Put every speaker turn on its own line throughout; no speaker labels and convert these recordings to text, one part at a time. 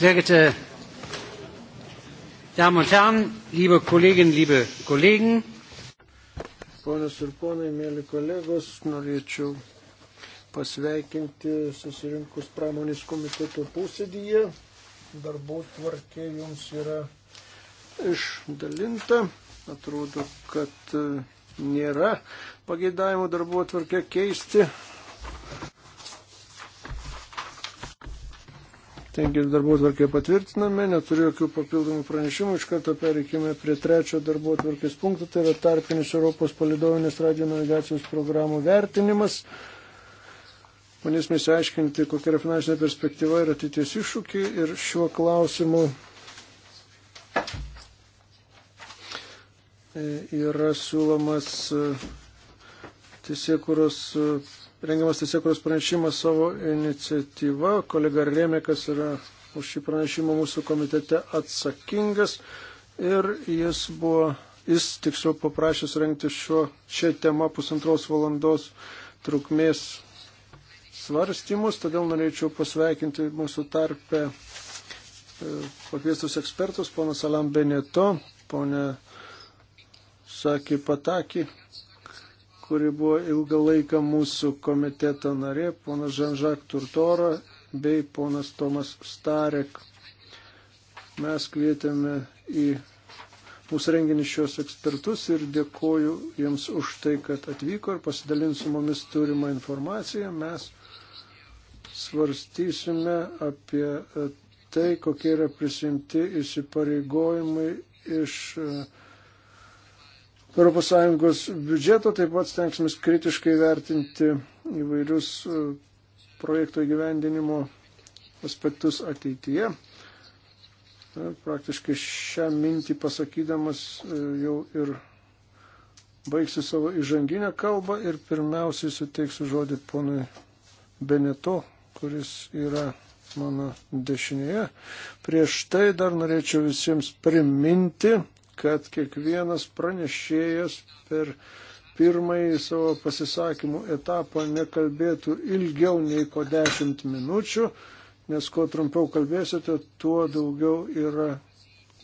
Sehr geehrte Damen und Herren, liebe Kolleginnen, liebe Kollegen. Ponas ir ponai, mėly kolegos, norėčiau pasveikinti susirinkus pramonės komiteto posėdyje. Darbų tvarkė jums yra išdalinta. Atrodo, kad e, nėra pageidavimo darbo tvarkę keisti. Taigi darbo tvarkė patvirtiname, neturiu jokių papildomų pranešimų, iš karto pereikime prie trečio darbo tvarkės punkto, tai yra tarpinis Europos palidovinės radio navigacijos programų vertinimas. Manėsime įsiaiškinti, kokia yra finansinė perspektyva ir ateities iššūkiai ir šiuo klausimu e, yra siūlomas e, tiesiekuros e, rengiamas tiesiekros pranešimas savo iniciatyva. Kolega Rėmėkas yra už šį pranešimą mūsų komitete atsakingas ir jis buvo, jis tiksliau paprašęs rengti šio, šią temą pusantros valandos trukmės svarstymus, todėl norėčiau pasveikinti mūsų tarpę e, pakviestus ekspertus, ponas Alam Beneto, ponė Saki Pataki kuri buvo ilgą laiką mūsų komiteto narė, ponas Žanžak Turtora bei ponas Tomas Starek. Mes kvietėme į mūsų renginį šios ekspertus ir dėkoju jiems už tai, kad atvyko ir pasidalins su mumis turimą informaciją. Mes svarstysime apie e, tai, kokie yra prisimti įsipareigojimai iš uh, ES biudžeto, taip pat stengsime kritiškai vertinti įvairius e, projekto įgyvendinimo aspektus ateityje. E, praktiškai šią mintį pasakydamas e, jau ir baigsiu savo įžanginę kalbą ir pirmiausiai suteiksiu žodį ponui Beneto, kuris yra mano dešinėje. Prieš tai dar norėčiau visiems priminti, kad kiekvienas pranešėjas per pirmąjį savo pasisakymų etapą nekalbėtų ilgiau nei po 10 minučių, nes kuo trumpiau kalbėsite, tuo daugiau yra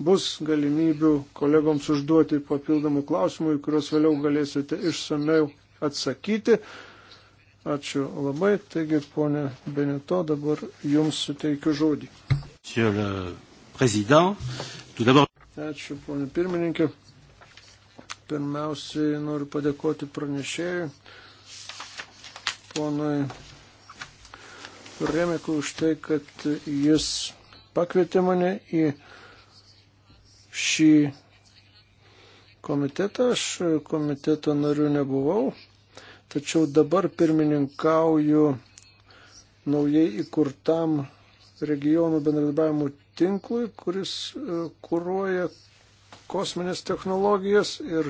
bus galimybių kolegoms užduoti papildomų klausimų, į kuriuos vėliau galėsite išsameu atsakyti. Ačiū labai. Taigi, ponė Benito, dabar jums suteikiu žodį. Ačiū, ponė pirmininkė. Pirmiausiai noriu padėkoti pranešėjui, ponui Remekui už tai, kad jis pakvietė mane į šį komitetą. Aš komiteto nariu nebuvau, tačiau dabar pirmininkauju naujai įkurtam regionų bendradarbiavimo tinklui, kuris e, kūruoja kosminės technologijas ir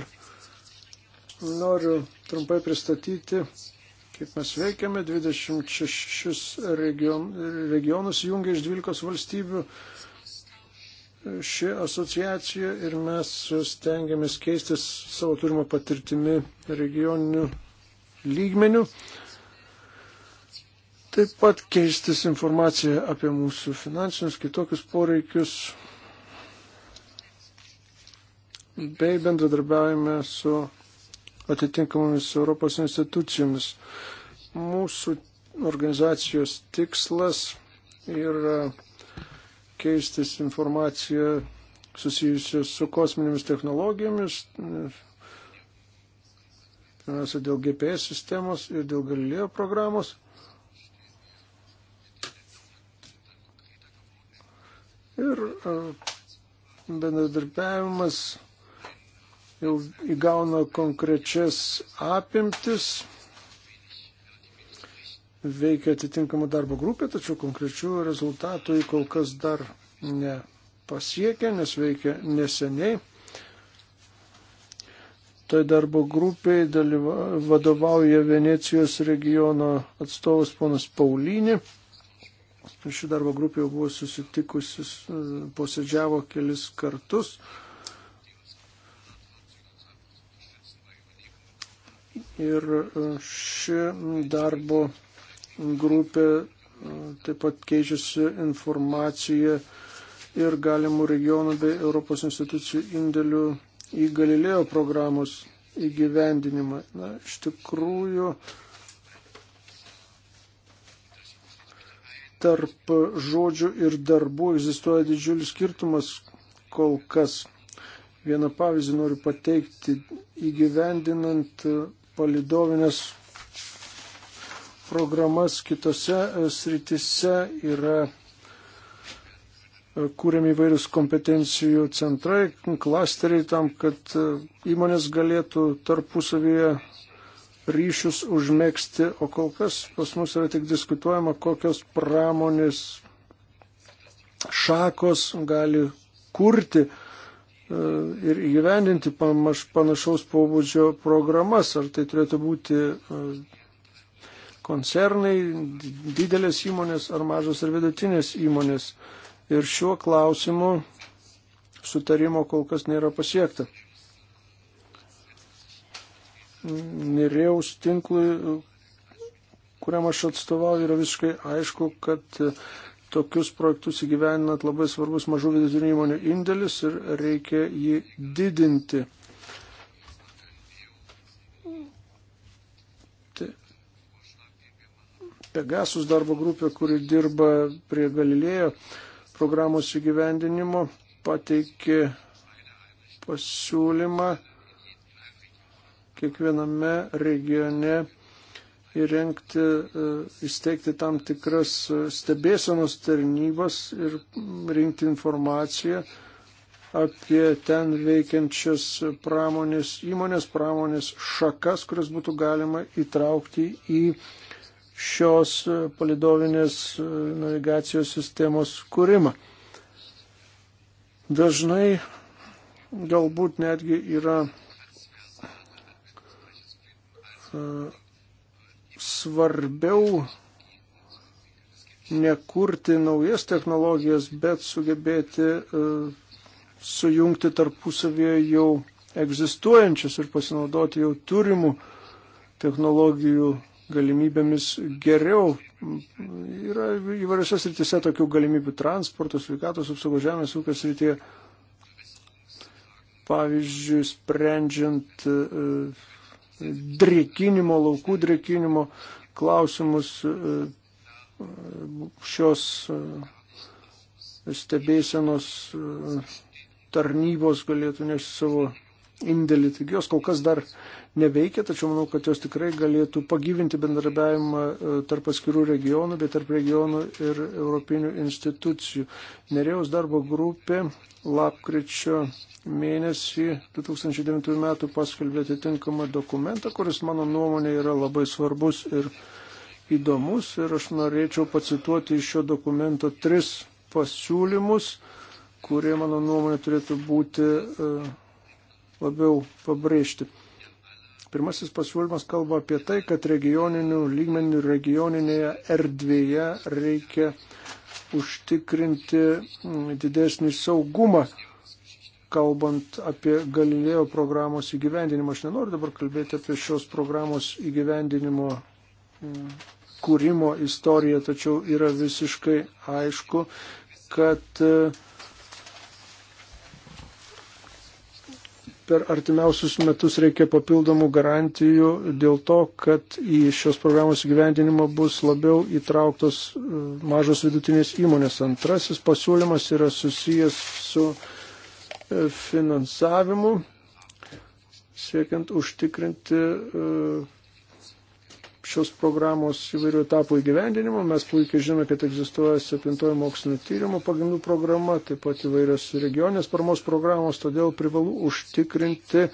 noriu trumpai pristatyti, kaip mes veikiame. 26 region, regionus jungia iš 12 valstybių e, ši asociacija ir mes stengiamės keistis savo turimą patirtimi regioniniu lygmeniu. Taip pat keistis informaciją apie mūsų finansinius kitokius poreikius bei bendradarbiavime su atitinkamomis Europos institucijomis. Mūsų organizacijos tikslas yra keistis informaciją susijusią su kosminėmis technologijomis, pirmiausia dėl GPS sistemos ir dėl Galilėjo programos. Ir e, bendradarbiavimas jau įgauna konkrečias apimtis, veikia atitinkama darbo grupė, tačiau konkrečių rezultatų į kol kas dar nepasiekia, nes veikia neseniai. Tai darbo grupiai dalyva, vadovauja Venecijos regiono atstovas ponas Paulinė. Ši darbo grupė jau buvo susitikusi, e, posėdžiavo kelis kartus. Ir e, ši darbo grupė e, taip pat keičiasi informacija ir galimų regionų bei Europos institucijų indėlių į Galilėjo programos įgyvendinimą. Na, iš tikrųjų, tarp žodžių ir darbų egzistuoja didžiulis skirtumas kol kas. Vieną pavyzdį noriu pateikti įgyvendinant palidovinės programas kitose e, sritise yra e, kūrėm įvairius kompetencijų centrai, klasteriai tam, kad e, įmonės galėtų tarpusavyje ryšius užmėgsti, o kol kas pas mus yra tik diskutuojama, kokios pramonės šakos gali kurti e, ir įgyvendinti panašaus pobūdžio programas. Ar tai turėtų būti e, koncernai, didelės įmonės ar mažos ir vidutinės įmonės. Ir šiuo klausimu sutarimo kol kas nėra pasiekta. Nirėjaus tinklui, kuriam aš atstovauju, yra visiškai aišku, kad e, tokius projektus įgyveninant labai svarbus mažų vidutinių įmonių indėlis ir reikia jį didinti. Pegasus darbo grupė, kuri dirba prie Galilėjo programos įgyvendinimo, pateikė pasiūlymą kiekviename regione įrengti, e, įsteigti tam tikras e, stebėsenos tarnybas ir rinkti informaciją apie ten veikiančias pramonės įmonės, pramonės šakas, kurias būtų galima įtraukti į šios e, palidovinės navigacijos sistemos kūrimą. Dažnai galbūt netgi yra E, svarbiau nekurti naujas technologijas, bet sugebėti e, sujungti tarpusavėje jau egzistuojančias ir pasinaudoti jau turimų technologijų galimybėmis geriau. Yra įvairiose srityse tokių galimybių transporto, sveikatos apsaugos žemės ūkio srityje. Pavyzdžiui, sprendžiant uh, drėkinimo, laukų drėkinimo klausimus e, šios e, stebėsenos e, tarnybos galėtų nešti savo indėlį. Tik jos kol kas dar neveikia, tačiau manau, kad jos tikrai galėtų pagyvinti bendradarbiavimą tarp atskirų regionų, bet tarp regionų ir europinių institucijų. Nerėjaus darbo grupė lapkričio mėnesį 2009 metų paskelbė atitinkamą dokumentą, kuris mano nuomonė yra labai svarbus ir įdomus. Ir aš norėčiau pacituoti iš šio dokumento tris pasiūlymus, kurie mano nuomonė turėtų būti e, labiau pabrėžti. Pirmasis pasiūlymas kalba apie tai, kad regioninių lygmenių regioninėje erdvėje reikia užtikrinti didesnį saugumą kalbant apie Galilėjo programos įgyvendinimą. Aš nenoriu dabar kalbėti apie šios programos įgyvendinimo mm, kūrimo istoriją, tačiau yra visiškai aišku, kad e, per artimiausius metus reikia papildomų garantijų dėl to, kad į šios programos gyvendinimą bus labiau įtrauktos e, mažos vidutinės įmonės. Antrasis pasiūlymas yra susijęs su finansavimu, siekiant užtikrinti e, šios programos įvairių etapų įgyvendinimo. Mes puikiai žinome, kad egzistuoja septintoji mokslinio tyrimo pagrindų programa, taip pat įvairios regionės paramos programos, todėl privalu užtikrinti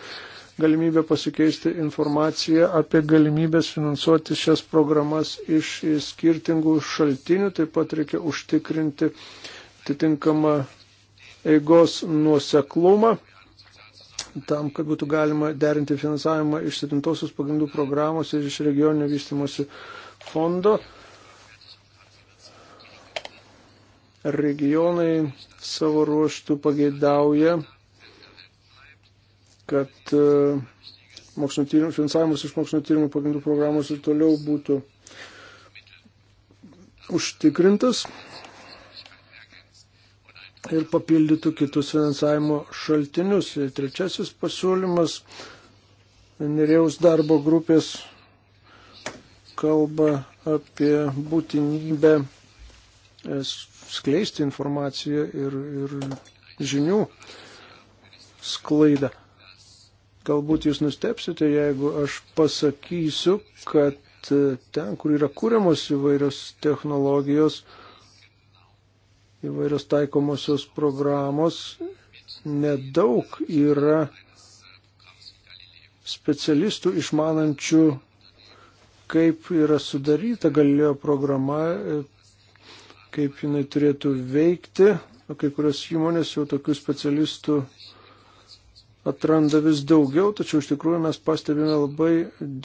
galimybę pasikeisti informaciją apie galimybės finansuoti šias programas iš skirtingų šaltinių. Taip pat reikia užtikrinti atitinkamą eigos nuoseklumą tam, kad būtų galima derinti finansavimą iš 7 pagrindų programos ir iš regioninio vystimosi fondo. Regionai savo ruoštų pageidauja, kad e, tyrimų, finansavimas iš mokslinio tyrimų pagrindų programos ir toliau būtų užtikrintas ir papildytų kitus finansavimo šaltinius. Ir trečiasis pasiūlymas Nerėjaus darbo grupės kalba apie būtinybę e, skleisti informaciją ir, ir žinių sklaidą. Galbūt jūs nustepsite, jeigu aš pasakysiu, kad e, ten, kur yra kūriamos įvairios technologijos, įvairios taikomosios programos, nedaug yra specialistų išmanančių, kaip yra sudaryta galėjo programa, kaip jinai turėtų veikti. O kai kurios įmonės jau tokių specialistų atranda vis daugiau, tačiau iš tikrųjų mes pastebime labai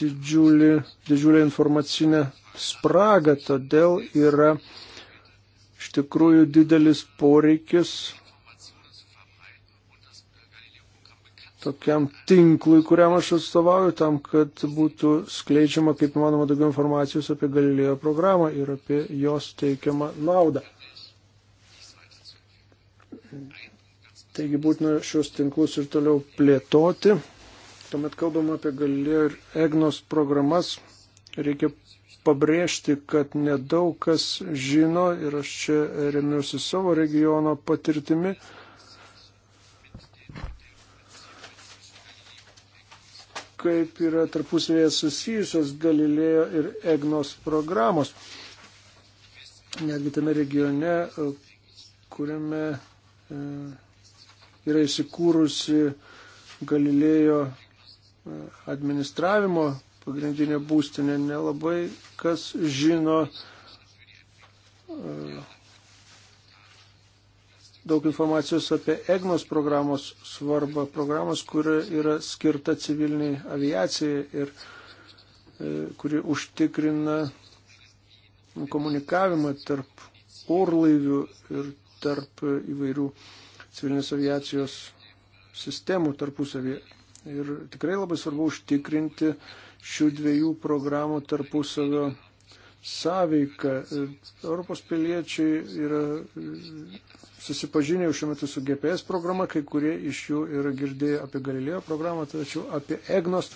didžiulį, didžiulę informacinę spragą, todėl yra iš tikrųjų didelis poreikis tokiam tinklui, kuriam aš atstovauju, tam, kad būtų skleidžiama, kaip manoma, daugiau informacijos apie Galilėjo programą ir apie jos teikiamą naudą. Taigi būtina šios tinklus ir toliau plėtoti. Tuomet kalbam apie Galilėjo ir EGNOS programas. Reikia pabrėžti, kad nedaug kas žino ir aš čia remiuosi savo regiono patirtimi. kaip yra tarpusvėje susijusios Galilėjo ir Egnos programos. Netgi tame regione, kuriame e, yra įsikūrusi Galilėjo e, administravimo pagrindinė būstinė. Nelabai kas žino. E, daug informacijos apie EGNOS programos svarbą, programos, kuri yra skirta civiliniai aviacijai ir e, kuri užtikrina komunikavimą tarp orlaivių ir tarp įvairių civilinės aviacijos sistemų tarpusavėje. Ir tikrai labai svarbu užtikrinti šių dviejų programų tarpusavio sąveiką. Europos piliečiai yra susipažinę jau šiuo metu su GPS programa, kai kurie iš jų yra girdėję apie Galilėjo programą, tačiau apie EGNOS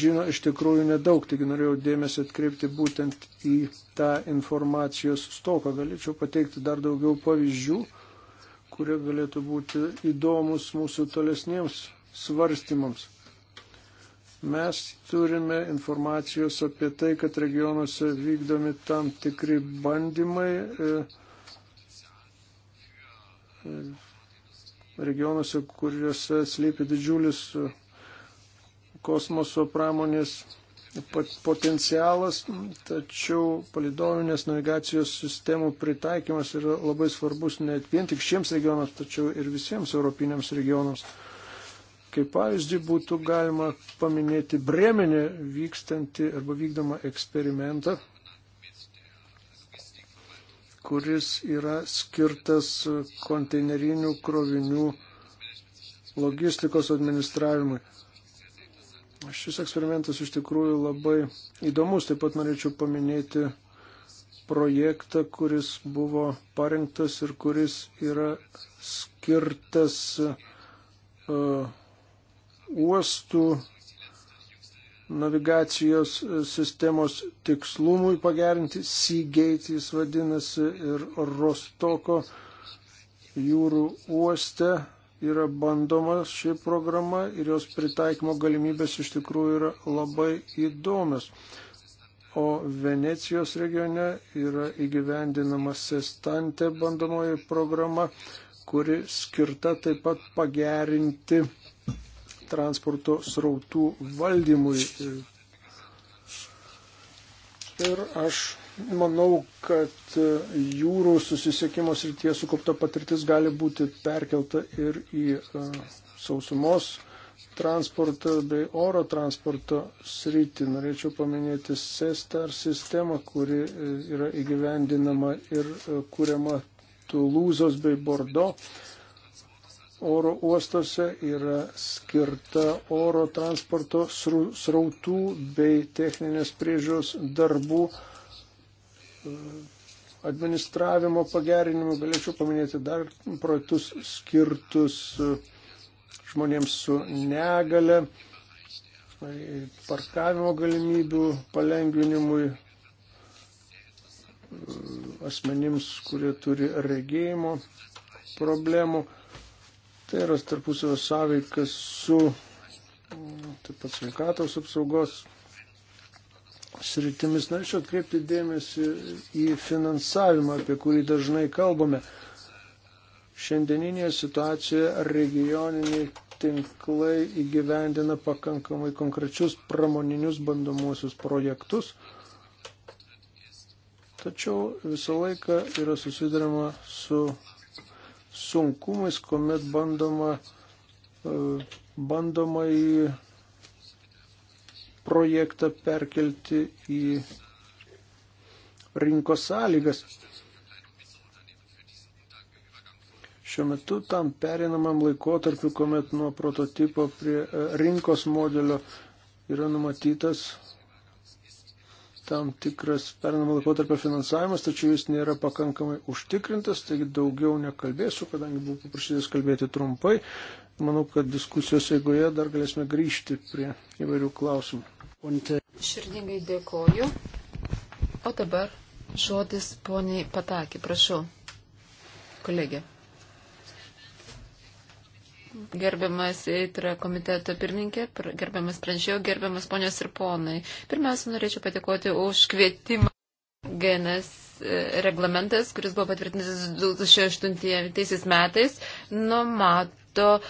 žino iš tikrųjų nedaug, taigi norėjau dėmesį atkreipti būtent į tą informacijos stoką. Galėčiau pateikti dar daugiau pavyzdžių, kurie galėtų būti įdomus mūsų tolesniems svarstymams. Mes turime informacijos apie tai, kad regionuose vykdomi tam tikri bandymai. E, e, regionuose, kuriuose slypi didžiulis e, kosmoso pramonės potencialas, tačiau palidovinės navigacijos sistemų pritaikymas yra labai svarbus ne vien tik šiems regionams, tačiau ir visiems europiniams regionams. Kaip pavyzdį būtų galima paminėti Bremenė vykstantį arba vykdomą eksperimentą, kuris yra skirtas konteinerinių krovinių logistikos administravimui. Šis eksperimentas iš tikrųjų labai įdomus. Taip pat norėčiau paminėti projektą, kuris buvo parengtas ir kuris yra skirtas uh, uostų navigacijos sistemos tikslumui pagerinti, Seagate jis vadinasi ir Rostoko jūrų uoste yra bandoma ši programa ir jos pritaikymo galimybės iš tikrųjų yra labai įdomios. O Venecijos regione yra įgyvendinama Sestante bandomoji programa, kuri skirta taip pat pagerinti transporto srautų valdymui. Ir aš manau, kad jūrų susisiekimo srityje sukaupta patirtis gali būti perkelta ir į e, sausumos transporto bei oro transporto sritį. Norėčiau paminėti SESTAR sistemą, kuri e, yra įgyvendinama ir e, kuriama Tulūzos bei Bordo oro uostuose yra skirta oro transporto srautų bei techninės priežiūros darbų e, administravimo pagerinimo. Galėčiau paminėti dar projektus skirtus e, žmonėms su negale, e, parkavimo galimybių palengvinimui, asmenims, kurie turi regėjimo problemų. Tai yra tarpusavio sąveikas su mm, taip pat sveikatos apsaugos sritimis. Norėčiau atkreipti dėmesį į finansavimą, apie kurį dažnai kalbame. Šiandieninėje situacijoje regioniniai tinklai įgyvendina pakankamai konkrečius pramoninius bandomuosius projektus. Tačiau visą laiką yra susidurima su sunkumais, kuomet bandoma, e, bandoma į projektą perkelti į rinkos sąlygas. Šiuo metu tam perinamam laikotarpiu, kuomet nuo prototipo prie e, rinkos modelio yra numatytas tam tikras pernamo laikotarpio finansavimas, tačiau jis nėra pakankamai užtikrintas, taigi daugiau nekalbėsiu, kadangi buvau paprašytas kalbėti trumpai. Manau, kad diskusijos eigoje dar galėsime grįžti prie įvairių klausimų. E,
Širdingai dėkoju. O dabar žodis poniai Patakį, prašau. Kolegė. Gerbiamas įtra komiteto pirmininkė, gerbiamas pranešėjo, gerbiamas ponios ir ponai. Pirmiausia, norėčiau patikoti už kvietimą GNS e, reglamentas, kuris buvo patvirtintas 2008 metais, numato e,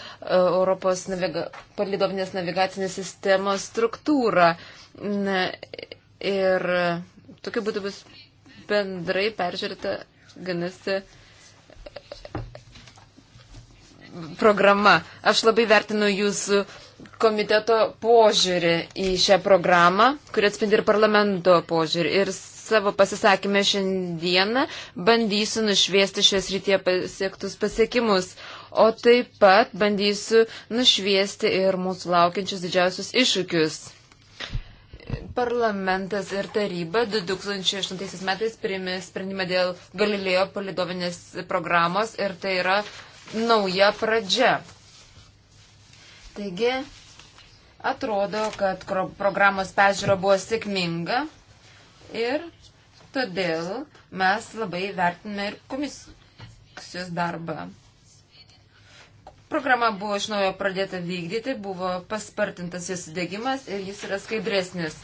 Europos naviga palidovinės navigacinės sistemos struktūrą. Na, ir tokiu būdu bus bendrai peržiūrėta GNS reglamentas programa. Aš labai vertinu jūsų komiteto požiūrį į šią programą, kuri atspindi ir parlamento požiūrį. Ir savo pasisakymę šiandieną bandysiu nušviesti šios rytie pasiektus pasiekimus, o taip pat bandysiu nušviesti ir mūsų laukiančius didžiausius iššūkius. Parlamentas ir taryba 2008 metais priėmė sprendimą dėl Galilėjo palidovinės programos ir tai yra nauja pradžia. Taigi, atrodo, kad programos pežiūra buvo sėkminga ir todėl mes labai vertiname ir komisijos darbą. Programa buvo iš naujo pradėta vykdyti, buvo paspartintas jos įdėgymas ir jis yra skaidresnis.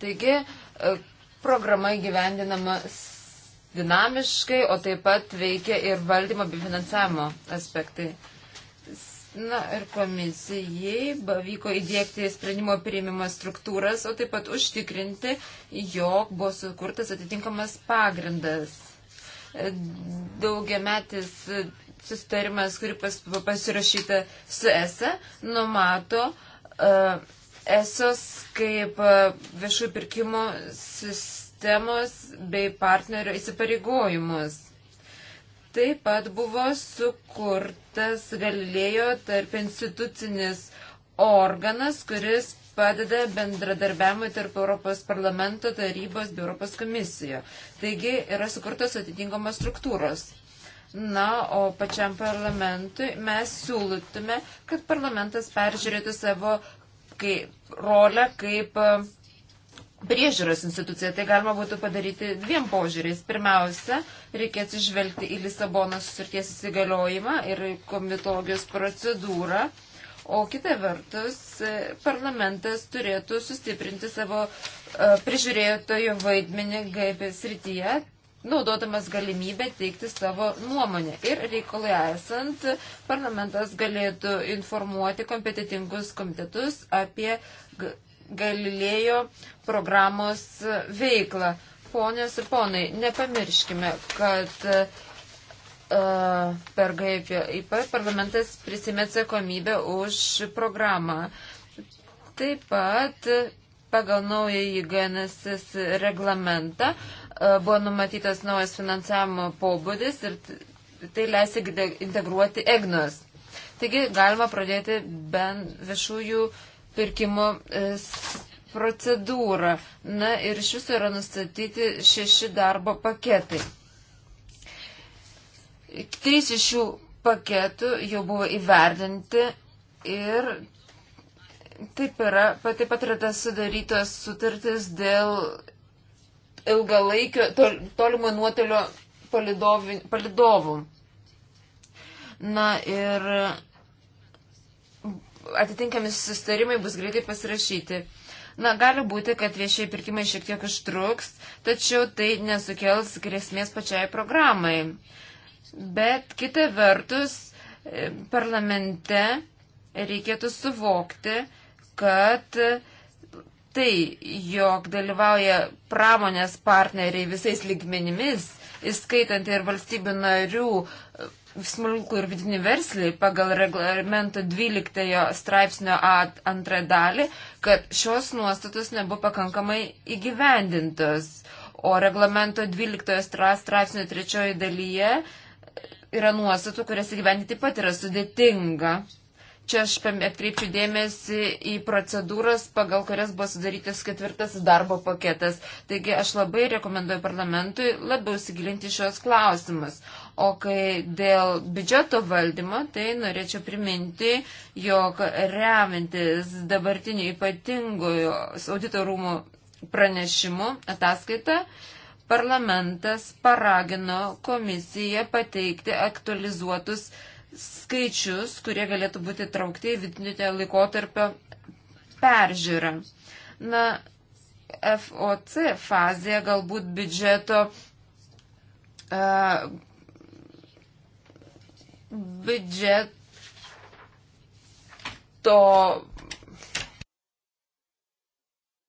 Taigi, e, programa įgyvendinama dinamiškai, o taip pat veikia ir valdymo bei finansavimo aspektai. Na ir komisijai pavyko įdėkti sprendimo priimimo struktūras, o taip pat užtikrinti, jog buvo sukurtas atitinkamas pagrindas. Daugiametis sustarimas, kuri pas, pasirašyta su ESA, numato uh, ESOS kaip e, viešųjų pirkimo sistemą sistemos bei partnerio įsipareigojimus. Taip pat buvo sukurtas Galilėjo tarp institucinis organas, kuris padeda bendradarbiavimui tarp Europos parlamento tarybos bei Europos komisijo. Taigi yra sukurtos atitinkamos struktūros. Na, o pačiam parlamentui mes siūlytume, kad parlamentas peržiūrėtų savo kai, rolę kaip uh, priežiūros institucija. Tai galima būtų padaryti dviem požiūriais. Pirmiausia, reikia atsižvelgti į Lisabonos sutarties įsigaliojimą ir komitologijos procedūrą. O kita vertus, parlamentas turėtų sustiprinti savo e, prižiūrėtojo vaidmenį GAP srityje, naudodamas galimybę teikti savo nuomonę. Ir reikalai esant, parlamentas galėtų informuoti kompetitingus komitetus apie Galilėjo programos veiklą. Ponės ir ponai, nepamirškime, kad uh, per GIP parlamentas prisimė atsakomybę už programą. Taip pat pagal naująjį GNSS reglamentą uh, buvo numatytas naujas finansavimo pobūdis ir tai leis integruoti EGNOS. Taigi galima pradėti bent viešųjų uh, pirkimo e, procedūrą. Na ir iš viso yra nustatyti šeši darbo paketai. Trys iš šių paketų jau buvo įvertinti ir taip yra, taip pat yra tas sudarytos sutartis dėl ilgalaikio tol, tolimo nuotolio palidovų. Na ir atitinkami sustarimai bus greitai pasirašyti. Na, gali būti, kad viešieji pirkimai šiek tiek užtruks, tačiau tai nesukels grėsmės pačiai programai. Bet kita vertus, e, parlamente reikėtų suvokti, kad tai, jog dalyvauja pramonės partneriai visais lygmenimis, įskaitant ir valstybių narių smulkų ir vidinį verslį pagal reglamento 12 straipsnio antrą dalį, kad šios nuostatos nebuvo pakankamai įgyvendintos. O reglamento 12 straipsnio trečioji dalyje yra nuostatų, kurias įgyvendinti taip pat yra sudėtinga. Čia aš atkreipčiau dėmesį į procedūras, pagal kurias buvo sudarytas ketvirtasis darbo paketas. Taigi aš labai rekomenduoju parlamentui labiau įsigilinti šios klausimus. O kai dėl biudžeto valdymo, tai norėčiau priminti, jog remintis dabartiniu ypatingojo auditorumų pranešimu ataskaita, parlamentas paragino komisiją pateikti aktualizuotus skaičius, kurie galėtų būti traukti į vidutinio laikotarpio peržiūrą. Na, FOC fazėje galbūt biudžeto uh, biudžeto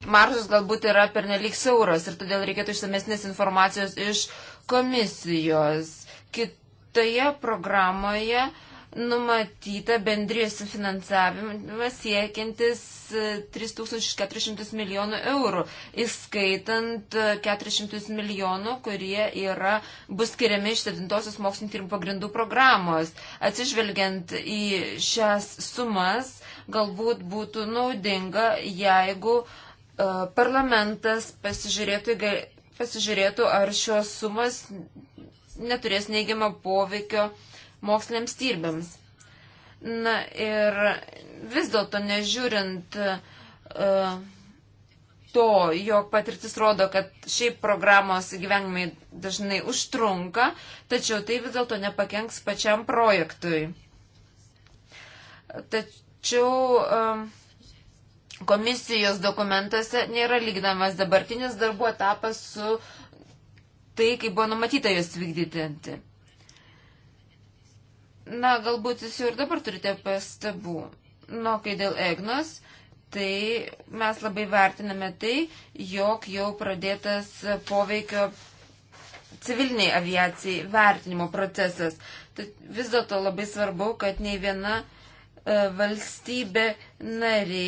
maržas galbūt yra pernelyg siauros ir todėl reikėtų išsamesnės informacijos iš komisijos. Kit toje programoje numatyta bendrijos finansavimas siekiantis 3400 e, milijonų eurų, įskaitant 400 e, milijonų, kurie yra, bus skiriami iš 7-osios mokslinio tyrimų pagrindų programos. Atsižvelgiant į šias sumas, galbūt būtų naudinga, jeigu uh, parlamentas pasižiūrėtų, pasižiūrėtų, ar šios sumas neturės neigiamą poveikio moksliniams tyrimams. Na ir vis dėlto nežiūrint uh, to, jog patirtis rodo, kad šiaip programos gyvenimai dažnai užtrunka, tačiau tai vis dėlto nepakenks pačiam projektui. Tačiau uh, komisijos dokumentuose nėra lygdamas dabartinis darbų etapas su uh, tai, kaip buvo numatyta jos vykdyti. Na, galbūt jūs jau ir dabar turite pastabų. Nu, kai dėl Egnos, tai mes labai vertiname tai, jog jau pradėtas poveikio civiliniai aviacijai vertinimo procesas. Tad vis dėlto labai svarbu, kad nei viena e, valstybė narė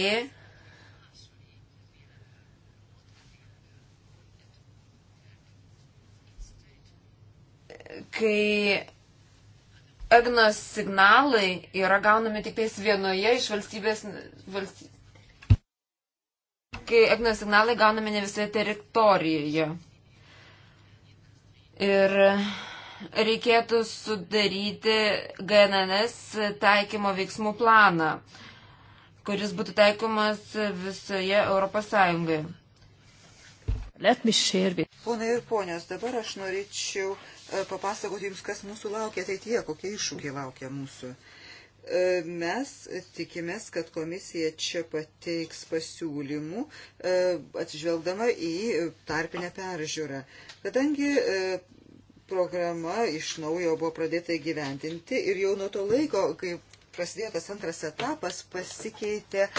kai Agnos signalai yra gaunami tik tais vienoje iš valstybės. Valsty... Kai Agnos signalai gaunami ne visoje teritorijoje. Ir reikėtų sudaryti GNNS taikymo veiksmų planą, kuris būtų taikomas visoje Europos Sąjungoje.
Ponai ir ponios, dabar aš norėčiau uh, E, papasakoti jums, kas mūsų laukia ateityje, kokie iššūkiai laukia mūsų. E, mes tikimės, kad komisija čia pateiks pasiūlymų, e, atsižvelgdama į tarpinę peržiūrą. Kadangi programa iš naujo buvo pradėta įgyventinti ir jau nuo to laiko, kai prasidėjo tas antras etapas, pasikeitė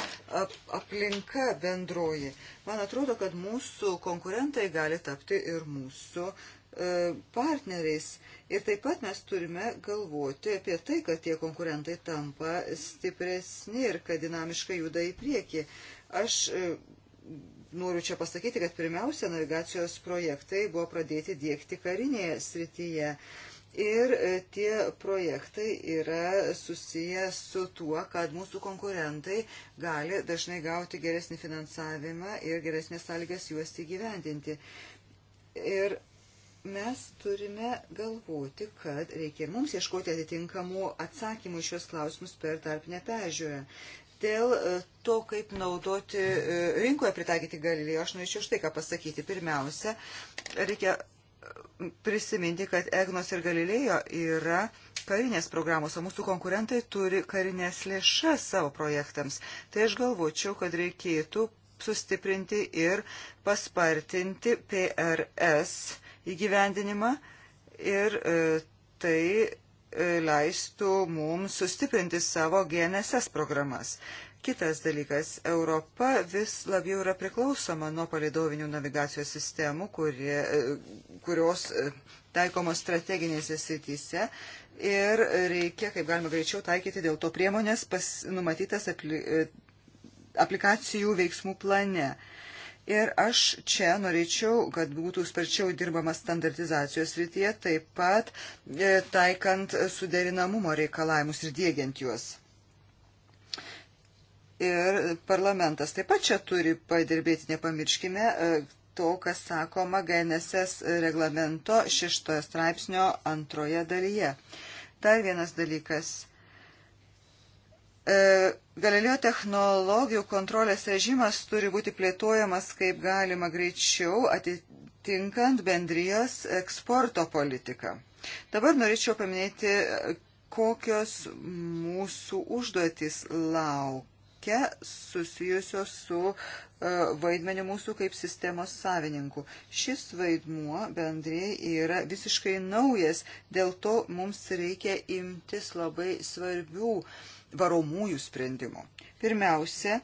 ap aplinka bendroji. Man atrodo, kad mūsų konkurentai gali tapti ir mūsų E, partneriais. Ir taip pat mes turime galvoti apie tai, kad tie konkurentai tampa stipresni ir kad dinamiškai juda į priekį. Aš e, noriu čia pasakyti, kad pirmiausia navigacijos projektai buvo pradėti dėkti karinėje srityje. Ir e, tie projektai yra susiję su tuo, kad mūsų konkurentai gali dažnai gauti geresnį finansavimą ir geresnės sąlygas juos įgyvendinti. Ir mes turime galvoti, kad reikia ir mums ieškoti atitinkamų atsakymų iš šios klausimus per tarpinę peržiūrą. Dėl e, to, kaip naudoti e, rinkoje pritaikyti galilėjo, aš norėčiau štai ką pasakyti. Pirmiausia, reikia prisiminti, kad Egnos ir galilėjo yra karinės programos, o mūsų konkurentai turi karinės lėšas savo projektams. Tai aš galvočiau, kad reikėtų sustiprinti ir paspartinti PRS įgyvendinimą ir e, tai e, leistų mums sustiprinti savo GNSS programas. Kitas dalykas - Europa vis labiau yra priklausoma nuo palidovinių navigacijos sistemų, kurie, e, kurios taikomos strateginėse srityse ir reikia, kaip galima greičiau, taikyti dėl to priemonės pas, numatytas apli, aplikacijų veiksmų plane. Ir aš čia norėčiau, kad būtų sparčiau dirbama standartizacijos rytyje, taip pat e, taikant suderinamumo reikalavimus ir dėgiant juos. Ir parlamentas taip pat čia turi padirbėti, nepamirškime e, to, kas sakoma GNSS reglamento šeštojo straipsnio antroje dalyje. Dar vienas dalykas E, Galileo technologijų kontrolės režimas turi būti plėtojamas kaip galima greičiau, atitinkant bendrijos eksporto politiką. Dabar norėčiau paminėti, kokios mūsų užduotis laukia susijusios su e, vaidmeniu mūsų kaip sistemos savininkų. Šis vaidmuo bendrėjai yra visiškai naujas, dėl to mums reikia imtis labai svarbių uh, varomųjų sprendimų. Pirmiausia,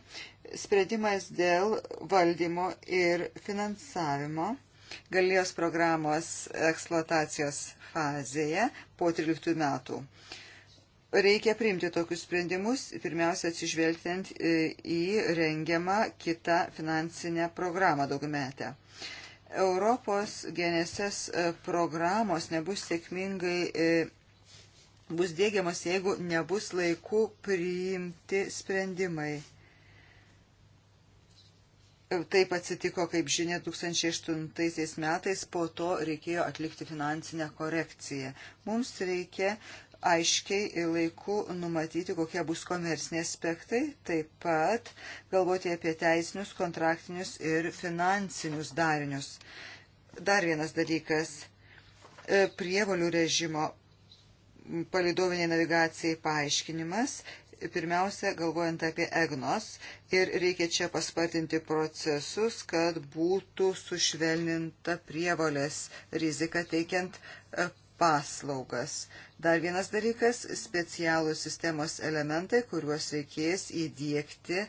sprendimas dėl valdymo ir finansavimo galėjos programos eksploatacijos fazėje po 13 metų. Reikia priimti tokius sprendimus, pirmiausia atsižvelgiant e, į rengiamą kitą finansinę programą daugmetę. Europos GNSS e, programos nebus sėkmingai e, bus dėgiamas, jeigu nebus laiku priimti sprendimai. Taip atsitiko, kaip žinia, 2008 metais po to reikėjo atlikti finansinę korekciją. Mums reikia aiškiai ir laiku numatyti, kokie bus komerciniai aspektai, taip pat galvoti apie teisinius, kontraktinius ir finansinius darinius. Dar vienas dalykas e, - prievolių režimo palidoviniai navigacijai paaiškinimas, pirmiausia, galvojant apie EGNOS ir reikia čia paspartinti procesus, kad būtų sušvelninta prievalės rizika teikiant e, paslaugas. Dar vienas dalykas - specialūs sistemos elementai, kuriuos reikės įdėkti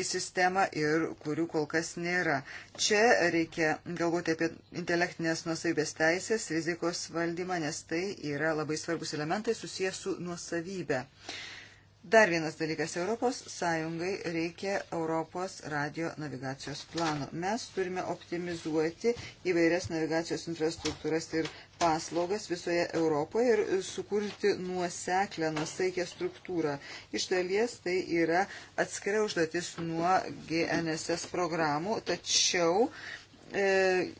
į sistemą ir kurių kol kas nėra. Čia reikia galvoti apie intelektinės nuosavybės teisės, rizikos valdymą, nes tai yra labai svarbus elementai susijęs su nuosavybė. Uh, Dar vienas dalykas. Europos Sąjungai reikia Europos radio navigacijos plano. Mes turime optimizuoti įvairias navigacijos infrastruktūras ir paslaugas visoje Europoje ir sukurti nuoseklę, nusaikę struktūrą. Iš dalies tai yra atskiria užduotis nuo GNSS programų, tačiau. E,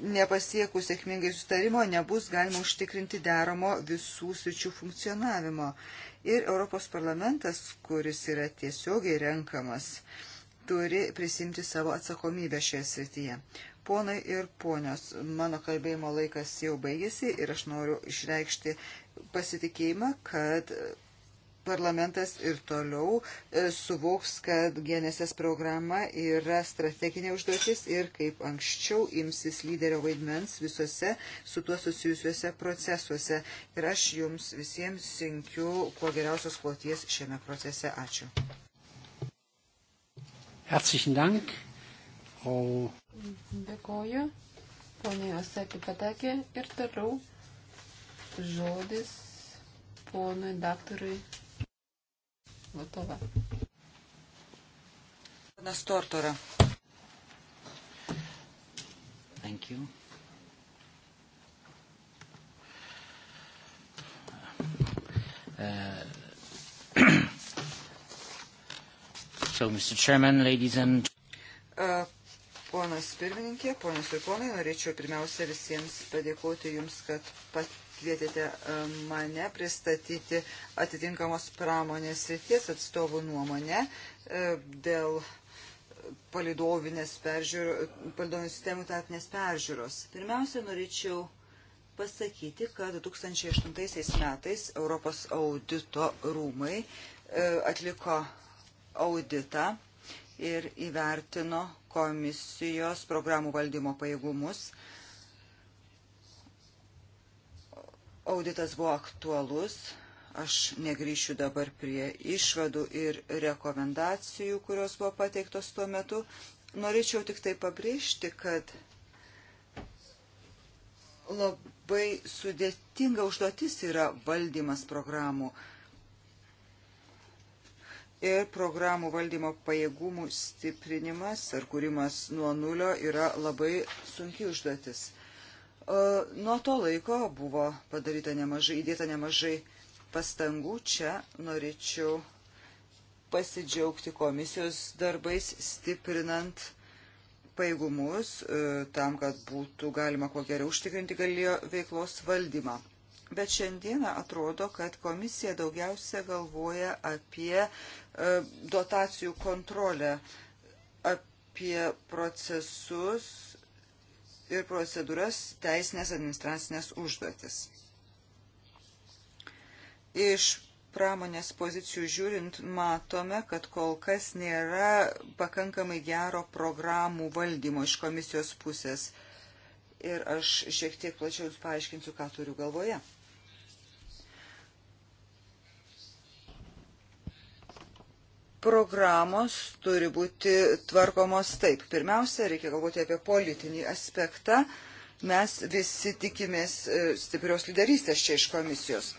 Nepasiekus sėkmingai sustarimo nebus galima užtikrinti deramo visų sričių funkcionavimo. E, Ir Europos parlamentas, kuris yra tiesiogiai renkamas, turi prisimti savo atsakomybę šioje srityje. Ponai ir ponios, mano kalbėjimo laikas jau baigėsi ir aš noriu išreikšti pasitikėjimą, kad parlamentas ir toliau e, suvoks, kad GNSS programa yra strateginė užduotis ir kaip anksčiau imsis lyderio vaidmens visose su tuo susijusiuose procesuose. Ir aš jums visiems sinkiu kuo geriausios kloties šiame procese. Ačiū.
Herzlichen Dank. Frau.
Dėkoju, ponė Josepė Patakė. Ir toliau žodis ponui daktarui Готова.
На стортора. Thank you.
Uh, so, Mr. Chairman, ladies and...
Uh, ponas pirmininkė, ponas ir ponai, norėčiau pirmiausia visiems padėkoti jums, kad pat pakvietėte e, mane pristatyti atitinkamos pramonės ryties atstovų nuomonę e, dėl palidovinės palidovinių sistemų tarpinės peržiūros. Pirmiausia, norėčiau pasakyti, kad 2008 metais Europos audito rūmai e, atliko auditą ir įvertino komisijos programų valdymo pajėgumus Auditas buvo aktualus. Aš negryšiu dabar prie išvadų ir rekomendacijų, kurios buvo pateiktos tuo metu. Norėčiau tik tai pabrėžti, kad labai sudėtinga užduotis yra valdymas programų ir programų valdymo pajėgumų stiprinimas ar kūrimas nuo nulio yra labai sunki užduotis. E, nuo to laiko buvo padaryta nemažai, įdėta nemažai pastangų. Čia norėčiau pasidžiaugti komisijos darbais, stiprinant paėgumus e, tam, kad būtų galima kuo geriau užtikrinti galėjo veiklos valdymą. Bet šiandieną atrodo, kad komisija daugiausia galvoja apie e, dotacijų kontrolę, apie procesus ir procedūras teisinės administracinės užduotis. Iš pramonės pozicijų žiūrint, matome, kad kol kas nėra pakankamai gero programų valdymo iš komisijos pusės. Ir aš šiek tiek plačiau Jums paaiškinsiu, ką turiu galvoje. programos turi būti tvarkomos taip. Pirmiausia, reikia galvoti apie politinį aspektą. Mes visi tikimės e, stiprios lyderystės čia iš komisijos.